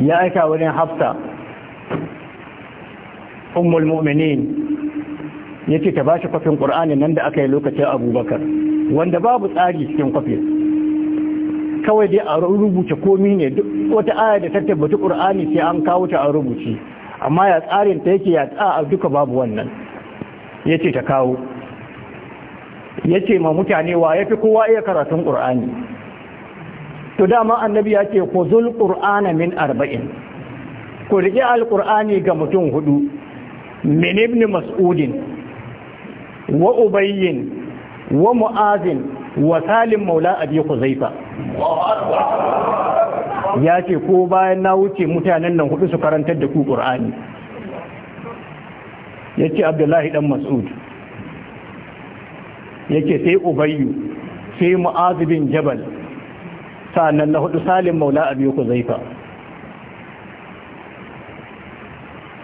ya aika wurin hafta ummul mu'minin ya ce ta bashi kwafin ƙur'anin nan da aka yi lokacin abubakar wanda babu tsari cikin kwafin kawai dai a rubuce komi ne duk wata aya da ta tabbata ƙur'ani sai an kawo ta a rubuce amma ya tsarin ta yake ya a duka babu wannan ya ce ta kawo ya ce ma mutane wa ya fi kowa iya karatun ƙur'ani to dama annabi ya ce ku zul min arba'in ku riƙe alƙur'ani ga mutum hudu min ibn mas'udin wa ubayyin wa mu'azin wa salim maula abi khuzaifa ya ce ko bayan na wuce mutanen nan hudu su karantar da ku qur'ani yace abdullahi dan mas'ud yake sai ubayyu sai mu'az bin jabal sannan na hudu salim maula abi khuzaifa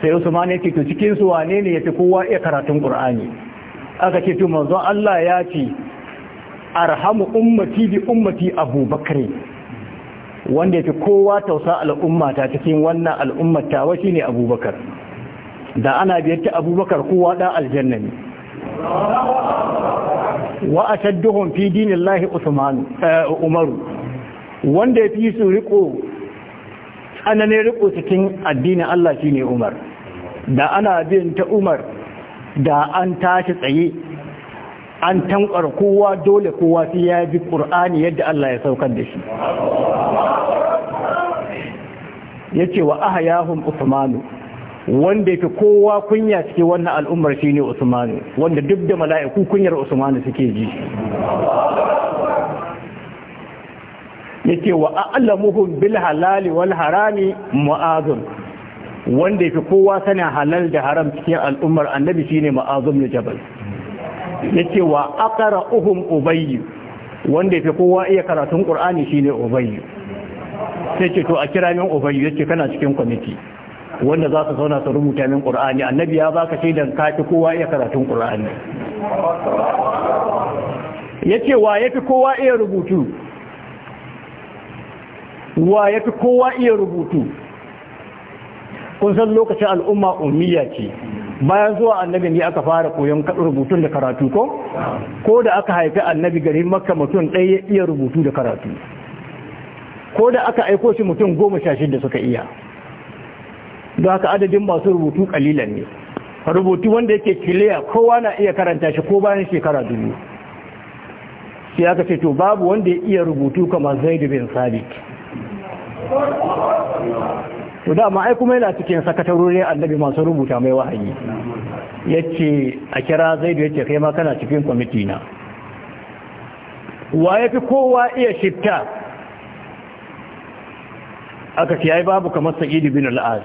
sai usman yake to cikin su wane ne yafi kowa iya karatun qur'ani aka ce to Allah ya ce arhamu ummati bi ummati abubakar wanda yake kowa tausa al'umma ta cikin wannan al'ummar ta wa shine abubakar da ana biyar ta abubakar kowa da aljanna ne wa ashadduhum fi dinillahi usman eh, umaru wanda yafi su riko tsananin riko cikin addinin Allah shine umar da ana biyan ta umar da an tashi tsaye an tankar kowa dole kowa sai ya bi ƙur'ani yadda Allah ya saukar da shi ya ce wa aha yahun usmanu wanda yake kowa kunya cikin wannan al'ummar shine ne usmanu wanda duk da mala'iku kunyar usmanu suke ji ya ce wa a'lamuhum bil halali wal harami mu'azun wanda fi kowa sana halal da haram cikin al'ummar annabi shine ma'azum bin jabal ce wa aqra'uhum ubayy wanda fi kowa iya karatun qur'ani shine ubayy sai ce to a kira min ubayy yace kana cikin kwamiti wanda za su zauna su rubuta min qur'ani annabi ya baka shaidan kafi kowa iya karatun qur'ani ce wa yafi kowa iya rubutu wa yafi kowa iya rubutu kun san lokacin al'umma ummiya ce bayan zuwa annabi ne aka fara koyon rubutun da karatu ko ko da aka haifi annabi garin makka mutum ɗaya ya iya rubutu da karatu ko da aka aiko shi mutum goma sha shida suka iya don haka adadin masu rubutu kalilan ne rubutu wanda yake kiliya kowa na iya karanta shi ko bayan shekara dubu sai aka ce to babu wanda ya iya rubutu kamar zaidu bin sabit to dama ai kuma yana cikin sakatarorin annabi masu rubuta mai wahayi yace a kira zaidu yace kai ma kana cikin kwamiti na wa yafi kowa iya shifta aka ce ai babu kamar Sa'idu bin al-az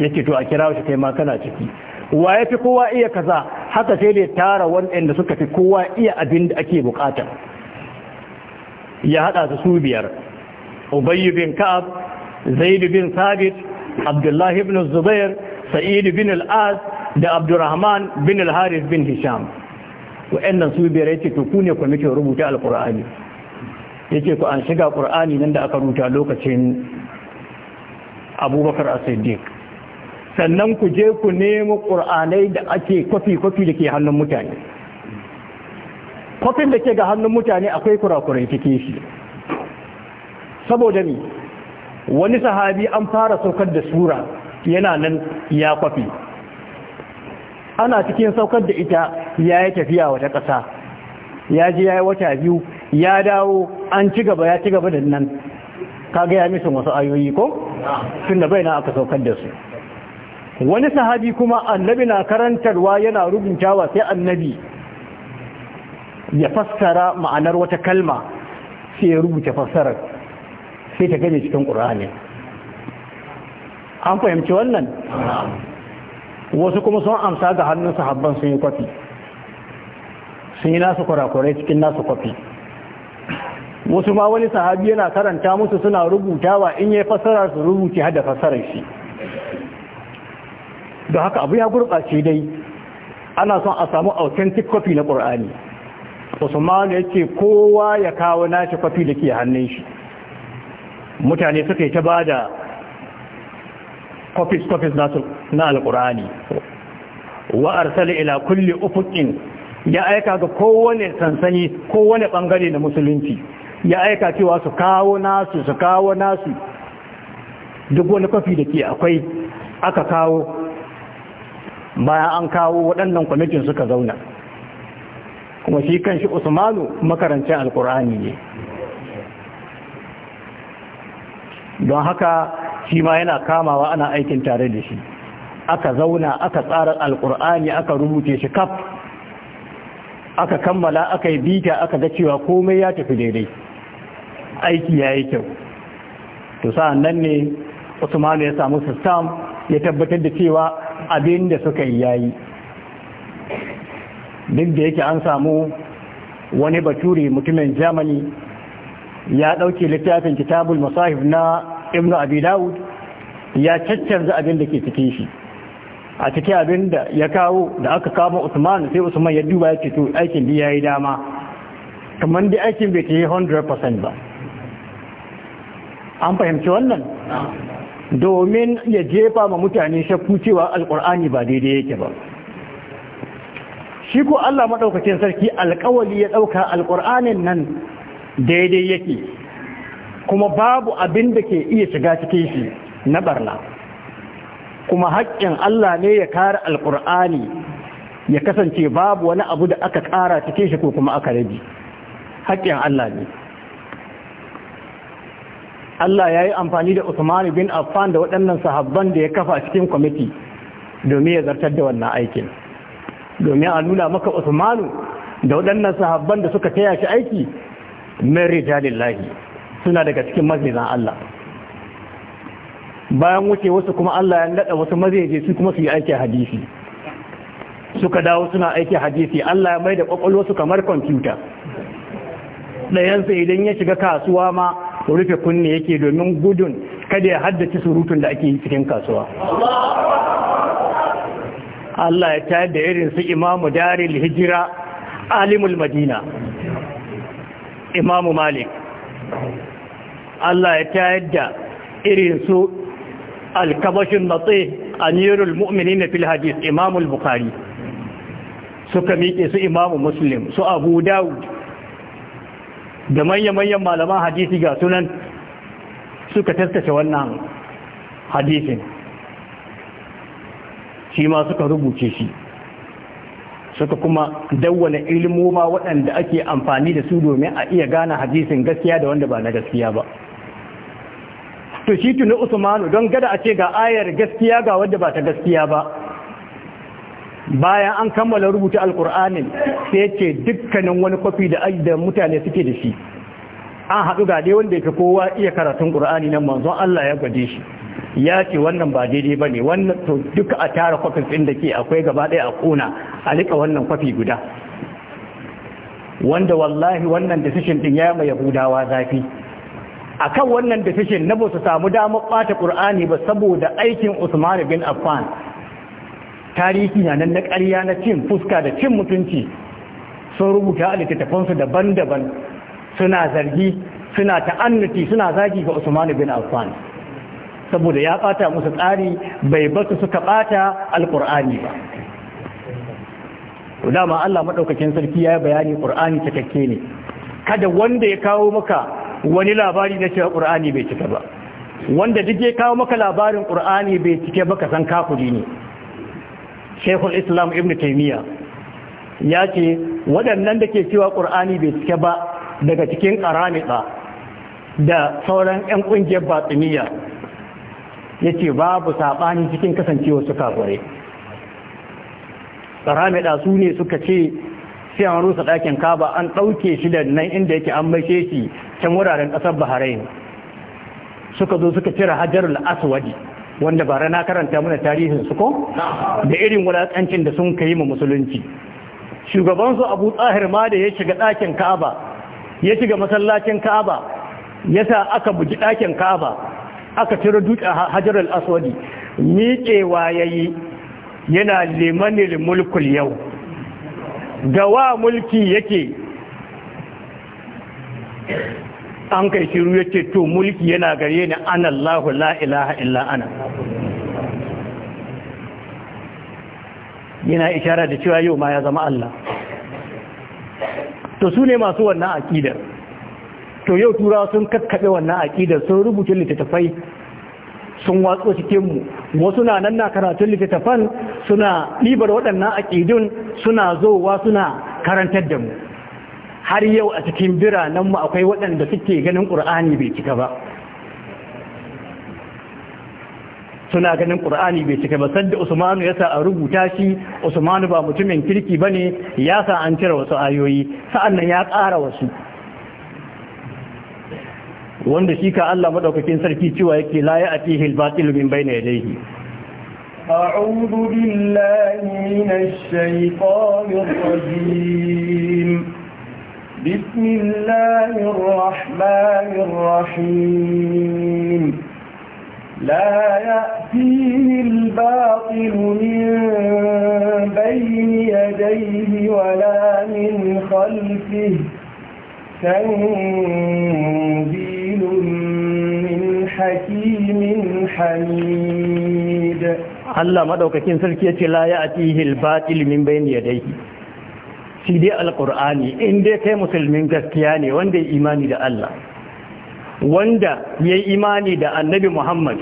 yace to a kira shi kai ma kana ciki wa yafi kowa iya kaza haka sai da tara wanda suka fi kowa iya abin da ake bukata ya hada su su biyar ubayy bin ka'ab zaid bin sabit abdullahi ibn zubair sa'id bin al da abdurrahman bin al-haris bin hisham wayannan su biyar yace to ku ne kwamitin rubuta alqur'ani yace ku an shiga qur'ani nan da aka rubuta lokacin abubakar as-siddiq sannan ku je ku nemo qur'anai da ake kwafi kwafi da ke hannun mutane kwafin da ke ga hannun mutane akwai kurakurai cike shi saboda ni wani sahabi an fara saukar da sura yana nan ya kwafi ana cikin saukar da ita ya yi tafiya wata ƙasa ya ji ya yi wata biyu ya dawo an ci gaba ya ci gaba da nan ka gaya mishin wasu ayoyi ko tun da baina aka saukar da su wani sahabi kuma annabi na karantarwa yana rubutawa sai annabi ya fassara ma'anar wata kalma sai ya rubuta fassarar sai ta gane cikin ƙura'ani an fahimci wannan wasu kuma sun amsa ga hannun sahabban sun yi kwafi sun yi nasu kurakurai cikin nasu kwafi wasu ma wani sahabi yana karanta musu suna rubutawa in ya fasara su rubuce hada fasarar shi da haka abu ya gurɓace dai ana son a samu authentic kwafi na ƙur'ani usman ya ce kowa ya kawo nashi kwafi da ke hannun shi mutane suka yi ta ba da kofis-kofis na alkurani wa arsala ila kulli ufuqin ya aika ga kowane sansani kowane bangare na musulunci ya aika cewa su kawo nasu su kawo nasu duk wani kofi da ke akwai aka kawo bayan an kawo waɗannan kwamitin suka zauna kuma shi kan shi usmanu makarancin alkur'ani ne don haka shi ma yana kamawa ana aikin tare da shi aka zauna aka tsara alkur'ani aka rubuce shi kaf aka kammala aka yi bita aka ga cewa komai ya tafi daidai aiki ya yi kyau to sa'an nan ne usman ya samu sistam ya tabbatar da cewa abin da suka yi yayi duk da yake an samu wani bature mutumin germany ya ɗauke littafin kitabul masahif na ibn abi dawud ya caccanza abin da ke cikin shi a ciki abin da ya kawo da aka kama usman sai usman ya duba ya ce to aikin da ya yi dama kamar da aikin bai ta yi 100% ba an fahimci wannan domin ya jefa ma mutane shakku cewa alkur'ani ba daidai yake ba shi ko allah maɗaukacin sarki alƙawali ya ɗauka alkur'anin nan daidai yake kuma babu abin da ke iya shiga cikin shi na barna kuma haƙƙin Allah ne ya kare alƙur'ani ya kasance babu wani abu da aka ƙara cikin shi ko kuma aka rabi, haƙƙin Allah ne Allah ya yi amfani da Usman bin Affan da waɗannan sahabban da ya kafa cikin kwamiti domin ya zartar da wannan aikin domin a nuna maka Usmanu da waɗannan sahabban da suka taya shi aiki mere rijalillahi suna daga cikin mazizan Allah bayan wuce wasu kuma Allah ya nada wasu mazaje su kuma su yi aiki hadisi suka dawo suna aiki hadisi Allah ya mai da kwakwalwa su kamar kwamfuta ɗayansa idan ya shiga kasuwa ma rufe kunne yake domin gudun kada ya haddace surutun da ake yi cikin kasuwa Allah ya tayar da irin su imamu daril hijira alimul madina imamu malik Allah ya tayar da irin su alkabashin matse amirul mu'minin na fil imamu imamul bukari suka miƙe su imamu muslim su abu dawud da manya-manyan malaman hadisi ga sunan suka taskace wannan hadisin shi ma suka rubuce shi suka kuma dawwana ilmoma waɗanda ake amfani da su domin a iya gane hadisin gaskiya da wanda ba na gaskiya ba to shi tuni usmanu don gada a ce ga ayar gaskiya ga wanda ba ta gaskiya ba bayan an kammala rubuta alkur'anin sai ce dukkanin wani kwafi da da mutane suke da shi an haɗu ga dai wanda yake kowa iya karatun ƙur'ani nan manzon Allah ya gwade shi ya ce wannan ba daidai ba ne wannan to duka a tara kwafin ɗin da ke akwai gaba ɗaya a ƙona a rika wannan kwafi guda wanda wallahi wannan decision ɗin ya mai yahudawa zafi akan wannan decision na ba su samu damar ɓata ƙur'ani ba saboda aikin usman bin affan tarihi na nan na ƙarya na cin fuska da cin mutunci sun rubuta a littattafansu daban-daban suna zargi suna ta'annuti suna zagi ga Usman bin Affan saboda ya bata musu tsari bai basu suka bata Alƙur'ani ba dama Allah maɗaukakin sarki ya bayani ƙur'ani cikakke ne kada wanda ya kawo maka wani labari na cewa ƙur'ani bai cika ba wanda duk ya kawo maka labarin ƙur'ani bai cike ba ka san kafuri ne Shekul Islam Ibn Taimiyya. ya ce waɗannan da ke cewa ƙur'ani bai cike ba daga cikin qaramita da sauran 'yan ƙungiyar batsiniya Ya ce babu saɓani cikin kasancewa su kafare Ƙaramida su ne suka ce sai an rusa ɗakin kaba an ɗauke shi da nan inda yake an maishe shi can wuraren ƙasar bahrain suka zo suka cire hajjar aswadi wanda bara na karanta mana tarihin su ko da irin wulaƙancin da sun kai ma musulunci shugabansu su Abu Tsahir ma da ya shiga ɗakin Ka'aba ya shiga masallacin Ka'aba sa aka buji ɗakin Ka'aba aka ciro duka hajar al-aswadi miƙewa yi yana limanin mulkul yau gawa wa mulki yake an kai shiru ya ce to mulki yana gare ni an Allah la ilaha illa ana yana ishara da cewa yau ma ya zama Allah to su ne masu wannan aƙidar to yau turawa sun kakkaɓe wannan aƙidar sun rubuta littattafai sun watsa cikinmu wasu na nan na karatun littattafan suna ɗibar waɗannan aƙidun suna zowa suna karantar da mu har yau a cikin biranenmu akwai waɗanda suke ganin ƙur'ani bai cika ba suna ganin ƙur'ani bai cika ba sanda usmanu ya sa a rubuta shi usmanu ba mutumin kirki ba ne ya sa an cire wasu ayoyi sa'an nan ya ƙara wasu wanda shi ka Allah madaukakin sarki cewa yake la ya atihi al-batil min bayna yadayhi a'udhu billahi minash الشيطان rajim bismillahir rahmanir rahim لا يأتيه الباطل من بين يديه ولا من خلفه تنزيل من حكيم حميد Allah madaukakin sarki yace la ya'tihi al-batil min bayni yadayhi shi dai alqur'ani in dai kai musulmin gaskiya ne wanda ya imani da Allah wanda ya imani da annabi Muhammad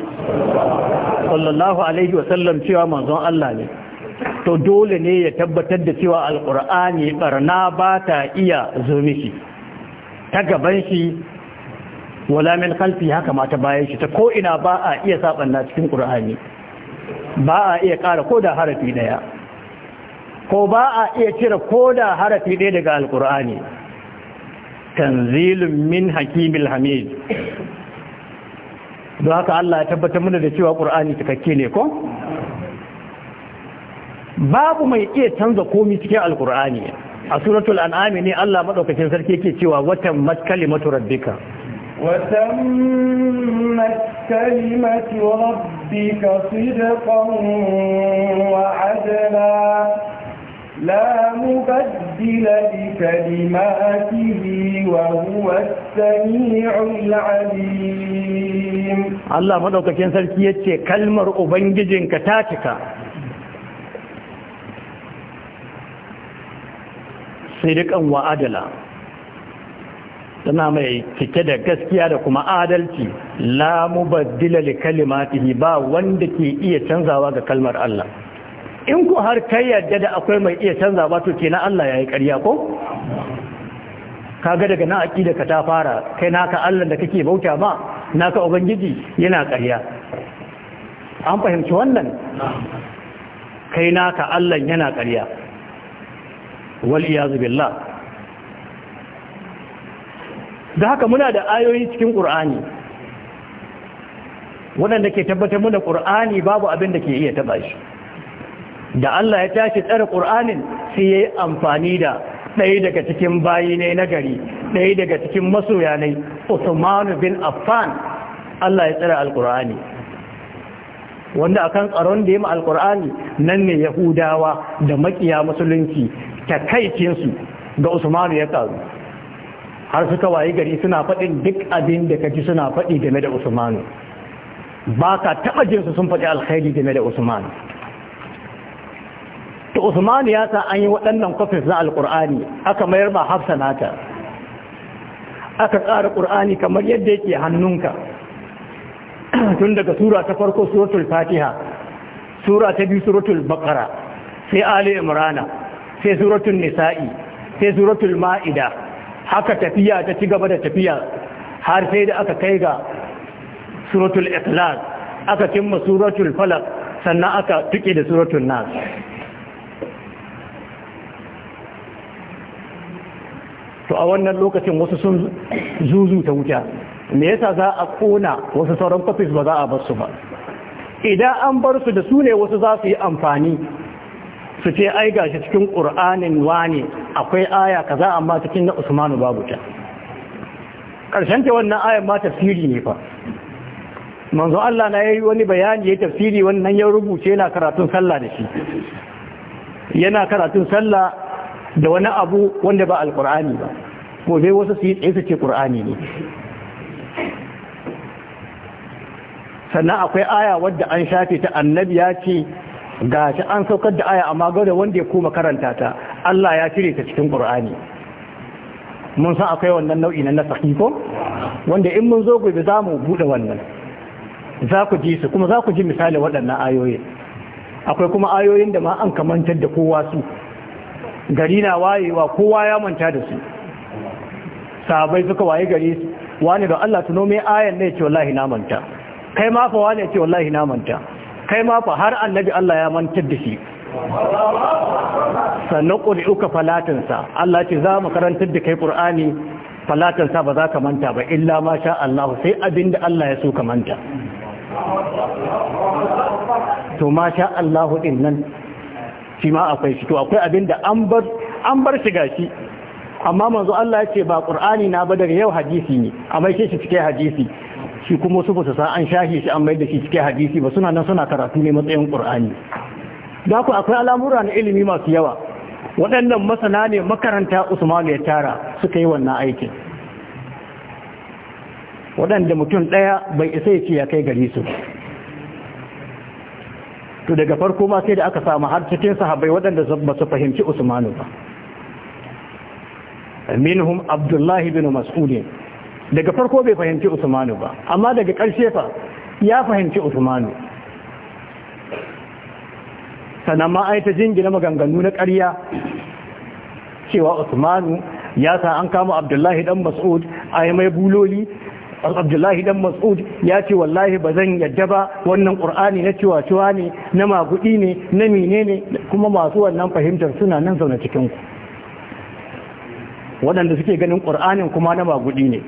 sallallahu alaihi wasallam cewa manzon Allah ne to dole ne ya tabbatar da cewa alqur'ani barna ba ta iya zo ta gaban shi wala min kalfi haka ma ta bayan shi ta ko ina ba a iya na cikin ƙur'ani ba a iya ƙara ko da harafi ɗaya ko ba a iya cire ko da harafi ɗaya daga kan tanzilun min hakimil hamid don haka Allah ya tabbatar mana da cewa ƙur'ani cikakke ne ko babu mai iya canza komi cikin alqur'ani a suratul an'ami ne Allah madaukakin sarki yake cewa watan kalimatu rabbika watan matkalimatu rabbika sidqan wa adla la mubaddila li kalimatihi wa huwa as-sami'ul 'alim Allah madaukakin sarki yace kalmar ubangijinka ta cika sirikan wa adala tana mai cike da gaskiya da kuma adalci la mubaddila li kalimatihi ba wanda ke iya canzawa ga kalmar Allah in ku har kai yadda da akwai mai iya canzawa to kenan Allah yayi ƙarya ko kaga daga na aqida ka ta fara kai naka Allah da kake bauta ma naka ubangiji yana ƙarya an fahimci wannan kai naka Allah yana ƙarya waliyazu billah da haka muna da ayoyi cikin ƙur'ani. waɗanda ke tabbatar mana qur'ani babu abin da ke iya taba shi da Allah ya tashi tsare qur'anin sai yayi amfani da ɗaya daga cikin bayi ne na gari ɗaya daga cikin masoya ne Usman bin Affan Allah ya tsare alqur'ani wanda akan tsaron da ya ma alkur'ani nan ne yahudawa da makiya musulunci takaicinsu ga usmanu ya karu har suka wayi gari suna faɗin duk abin da kaji suna faɗi game da usmanu ba ka taɓa jinsu sun faɗi alkhairi game da usmanu ta usmanu ya sa an yi waɗannan kwafis na alƙur'ani aka mayar ma hafsa nata aka tsara ƙur'ani kamar yadda yake hannunka tun daga sura ta farko suratul fatiha sura ta biyu suratul Baƙara sai ali imrana sai suratul nisa'i sai suratul ma'ida haka tafiya ta ci gaba da tafiya har sai da aka kai ga suratul ikhlas aka cimma suratul falaq sannan aka tuke da suratul nas to a wannan lokacin wasu sun zuzu ta wuta me yasa za a kona wasu sauran kwafis ba za a bar su ba idan an bar su da su ne wasu za su yi amfani su ce ai gashi cikin ƙur'anin wani akwai aya kaza amma cikin na usmanu babu ta ƙarshen ta wannan ayan ma tafsiri ne fa manzo Allah na yi wani bayani ya tafsiri wannan ya rubuce yana karatun sallah da shi yana karatun sallah da wani abu wanda ba alqur'ani ba ko dai wasu su yi tsaye su ce qur'ani ne sannan akwai aya wadda an shafe ta annabi ya ce ga shi an saukar da aya amma gaure wanda ya koma karanta ta Allah ya cire ta cikin Qur'ani mun san akwai wannan nau'i na nasahi ko wanda in mun zo gobe za mu bude wannan za ku ji su kuma za ku ji misali waɗannan ayoyi akwai kuma ayoyin da ma an kamantar da kowa su gari na wayewa kowa ya manta da su sabai suka waye gari wani da Allah tuno mai ayan ne ce wallahi na manta kai ma fa wani ce wallahi na manta kai ma fa har annabi Allah ya mantar da shi sannan ƙuri'uka falatinsa Allah ce za mu karantar da kai ƙur'ani falatinsa ba za ka manta ba illa ma sha Allah sai abin da Allah ya so ka manta to ma sha Allah ɗin nan shi ma akwai shi to akwai abin da an bar ga shi amma manzo Allah ya ce ba ƙur'ani na ba daga yau hadisi ne amma shi shi cike hadisi shi kuma wasu ba su san an shahi shi an mai da shi cike hadisi ba suna nan suna karatu ne matsayin qur'ani da ku akwai al'amura na ilimi masu yawa waɗannan masana ne makaranta usmanu ya tara suka yi wannan aikin waɗanda mutum ɗaya bai isa ya ce ya kai gari su to daga farko ma sai da aka samu har cikin sahabbai waɗanda ba su fahimci usmanu ba minhum abdullahi bin mas'udin daga farko bai fahimci usmanu ba amma daga ƙarshe fa ya fahimci usmanu sannan ma ai ta jingina maganganu na ƙarya cewa usmanu ya sa an kama abdullahi dan mas'ud ai mai buloli abdullahi dan mas'ud ya ce wallahi ba zan yadda ba wannan qur'ani na cewa cewa ne na magudi ne na mine ne kuma masu wannan fahimtar suna nan zaune cikin ku waɗanda suke ganin qur'anin kuma na magudi ne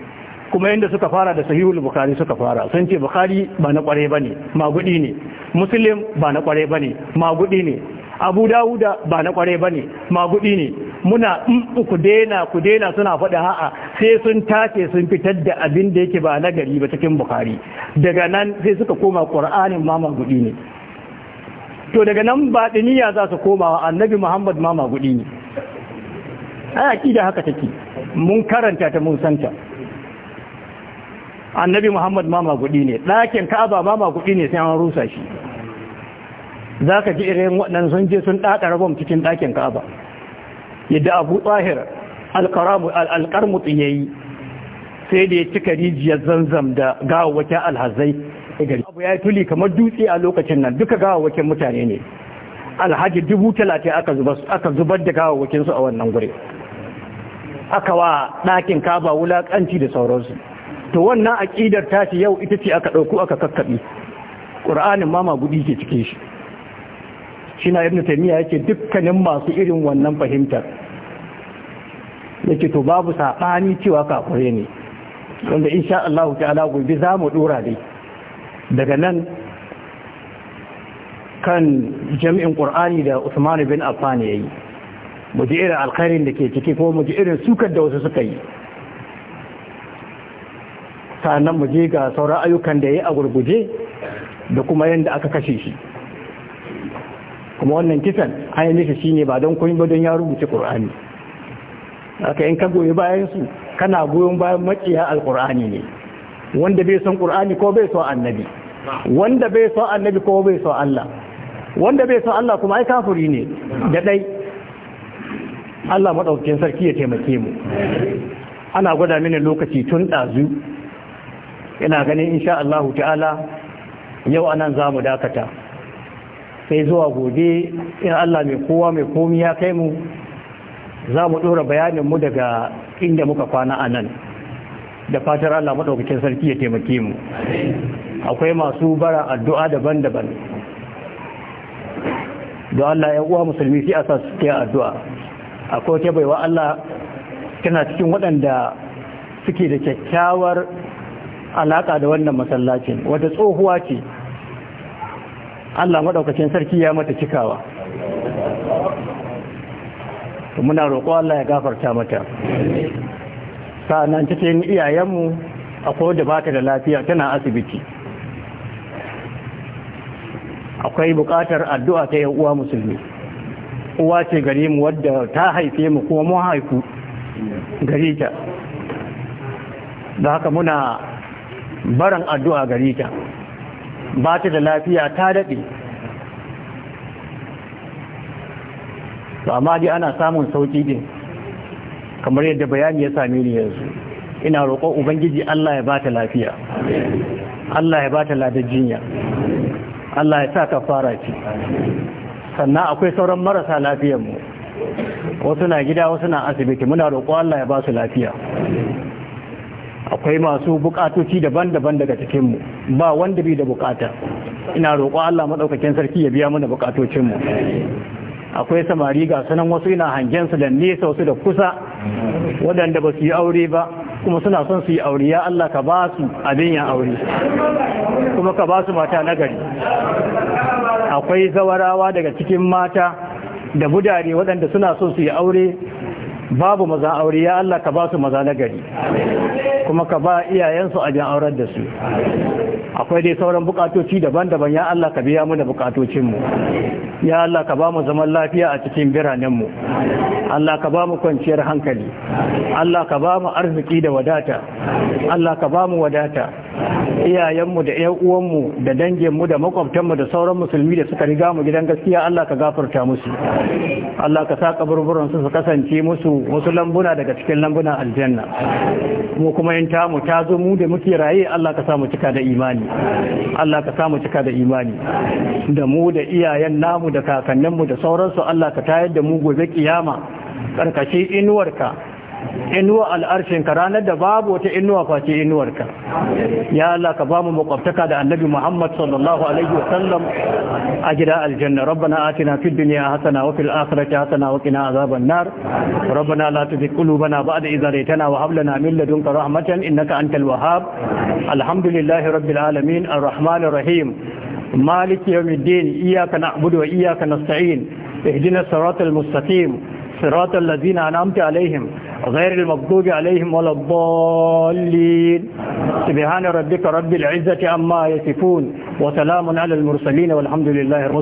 kuma yadda suka fara da sahihul bukari suka fara sun ce bukari ba na kware ba ne magudi ne muslim ba na kware ba ne magudi ne abu dawuda ba na kware ba ne magudi ne muna mm, ku dena ku dena suna faɗi ha'a sai sun tace sun fitar da abin da yake ba na gari ba cikin bukari daga nan sai suka koma ƙur'anin ma magudi ne to daga nan ba ɗiniya za su koma annabi muhammad ma magudi ne a da haka take mun karanta ta mun santa annabi muhammad ma magudi ne ɗakin ka'aba ma magudi ne sai an rusa shi za ka ji irin waɗannan sun je sun ɗaɗa rabon cikin ɗakin ka'aba yadda abu tsahir alƙarmutu ya yi sai da ya cika rijiyar zanzam da gawawakin alhazai abu ya yi tuli kamar dutse a lokacin nan duka gawawakin mutane ne alhaji dubu talatin aka zubar da gawawakinsu a wannan gure aka wa ɗakin ka'aba wulaƙanci da sauransu to wannan aƙidar tashi yau ita ce aka ɗauko aka kakkabi ƙur'anin ma magudi ke cikin shi shi na taymiya yake dukkanin masu irin wannan fahimtar yake to babu saɓani cewa kafure ne wanda insha Allah ta'ala gobe za mu dora dai daga nan kan jami'in ƙur'ani da Usman bin Affan yayi mu ji irin alkhairin da ke ciki ko mu ji irin sukar da wasu suka yi sannan mu je ga sauran ayyukan da ya yi a gurguje da kuma yadda aka kashe shi kuma wannan kisan an yi mishi ne ba don kun ba don ya rubuce Qur'ani aka in ka goyi bayan su kana goyon bayan makiya Alƙur'ani ne wanda bai son Qur'ani ko bai so annabi wanda bai so annabi ko bai so Allah wanda bai so Allah kuma ai kafiri ne da dai Allah madaukakin sarki ya taimake mu ana gwada mini lokaci tun dazu ina ganin insha Allah ta'ala yau anan za mu dakata sai zuwa gobe in Allah mai kowa mai komi ya kai mu za mu ɗora mu daga inda muka kwana a nan da fatar Allah maɗaukacin sarki ya taimake mu akwai masu bara addu'a daban-daban don Allah ya uwa musulmi sai a sa su ke addu'a akwai wata baiwa Allah tana cikin waɗanda suke da kyakkyawar alaka da wannan masallacin wata tsohuwa ce Allah maɗaukacin sarki ya mata cikawa muna roƙo Allah ya gafarta mata sa'annan cikin iyayenmu akwai da bata da lafiya tana asibiti akwai buƙatar addu'a ta yan uwa musulmi uwa ce gare mu wadda ta haife mu kuma mun haifu gare ta da haka muna Baran addu'a gari ta ba ta da lafiya ta daɗe amma dai ana samun sauƙi din kamar yadda bayani ya sami ni yanzu ina roƙon ubangiji Allah ya ba ta lafiya Allah ya ba ta ladar jinya Allah ya sa ka fara ce sannan akwai sauran marasa lafiyanmu wasu na gida wasu na asibiti muna roƙo Allah ya ba su lafiya akwai masu bukatoci daban-daban daga cikinmu ba wanda bai da bukata ina roƙo Allah maɗaukakin sarki ya biya mana bukatocinmu akwai samari ga sanan wasu ina hangen su da nesa wasu da kusa waɗanda ba su yi aure ba kuma suna son su yi aure ya Allah ka ba su abin ya aure kuma ka ba su mata nagari akwai zawarawa daga cikin mata da budare waɗanda suna son su yi aure babu maza aure ya Allah ka ba su maza nagari kuma ka ba iyayensu a jan aurar da su akwai dai sauran bukatoci daban-daban ya Allah ka biya mu da bukatocinmu ya Allah ka ba mu zaman lafiya a cikin biranenmu Allah ka ba mu kwanciyar hankali Allah ka ba mu arziki da wadata Allah ka ba mu wadata iyayenmu da ƴan uwanmu da danginmu da makwabtanmu da sauran musulmi da suka riga mu gidan gaskiya Allah ka gafarta musu Allah ka sa kaburburan su su kasance musu wasu lambuna daga cikin lambunan aljanna mu kuma kuma tamu ta zo mu da muke raye Allah ka samu cika da imani Allah ka samu cika da imani da mu da iyayen namu da kakanninmu da sauransu Allah ka tayar da mu gobe kiyama karkashin inuwarka inuwa al'arshinka ranar da babu wata inuwa face inuwarka ya laka ba bamu makwabtaka da annabi Muhammad sallallahu alaihi wasallam a gida aljanna rabbana atina fid dunya hasana wa fil akhirati hasana wa qina azaban nar rabbana la tuzigh qulubana ba'da idh hadaytana wa hab lana min ladunka rahmatan innaka antal wahhab alhamdulillahi rabbil alamin arrahmanir rahim maliki yawmiddin iyyaka na'budu wa iyyaka nasta'in اهدنا الصراط المستقيم siratal الذين أنعمت alaihim. غير المغضوب عليهم ولا الضالين سبحان ربك رب العزة عما يصفون وسلام على المرسلين والحمد لله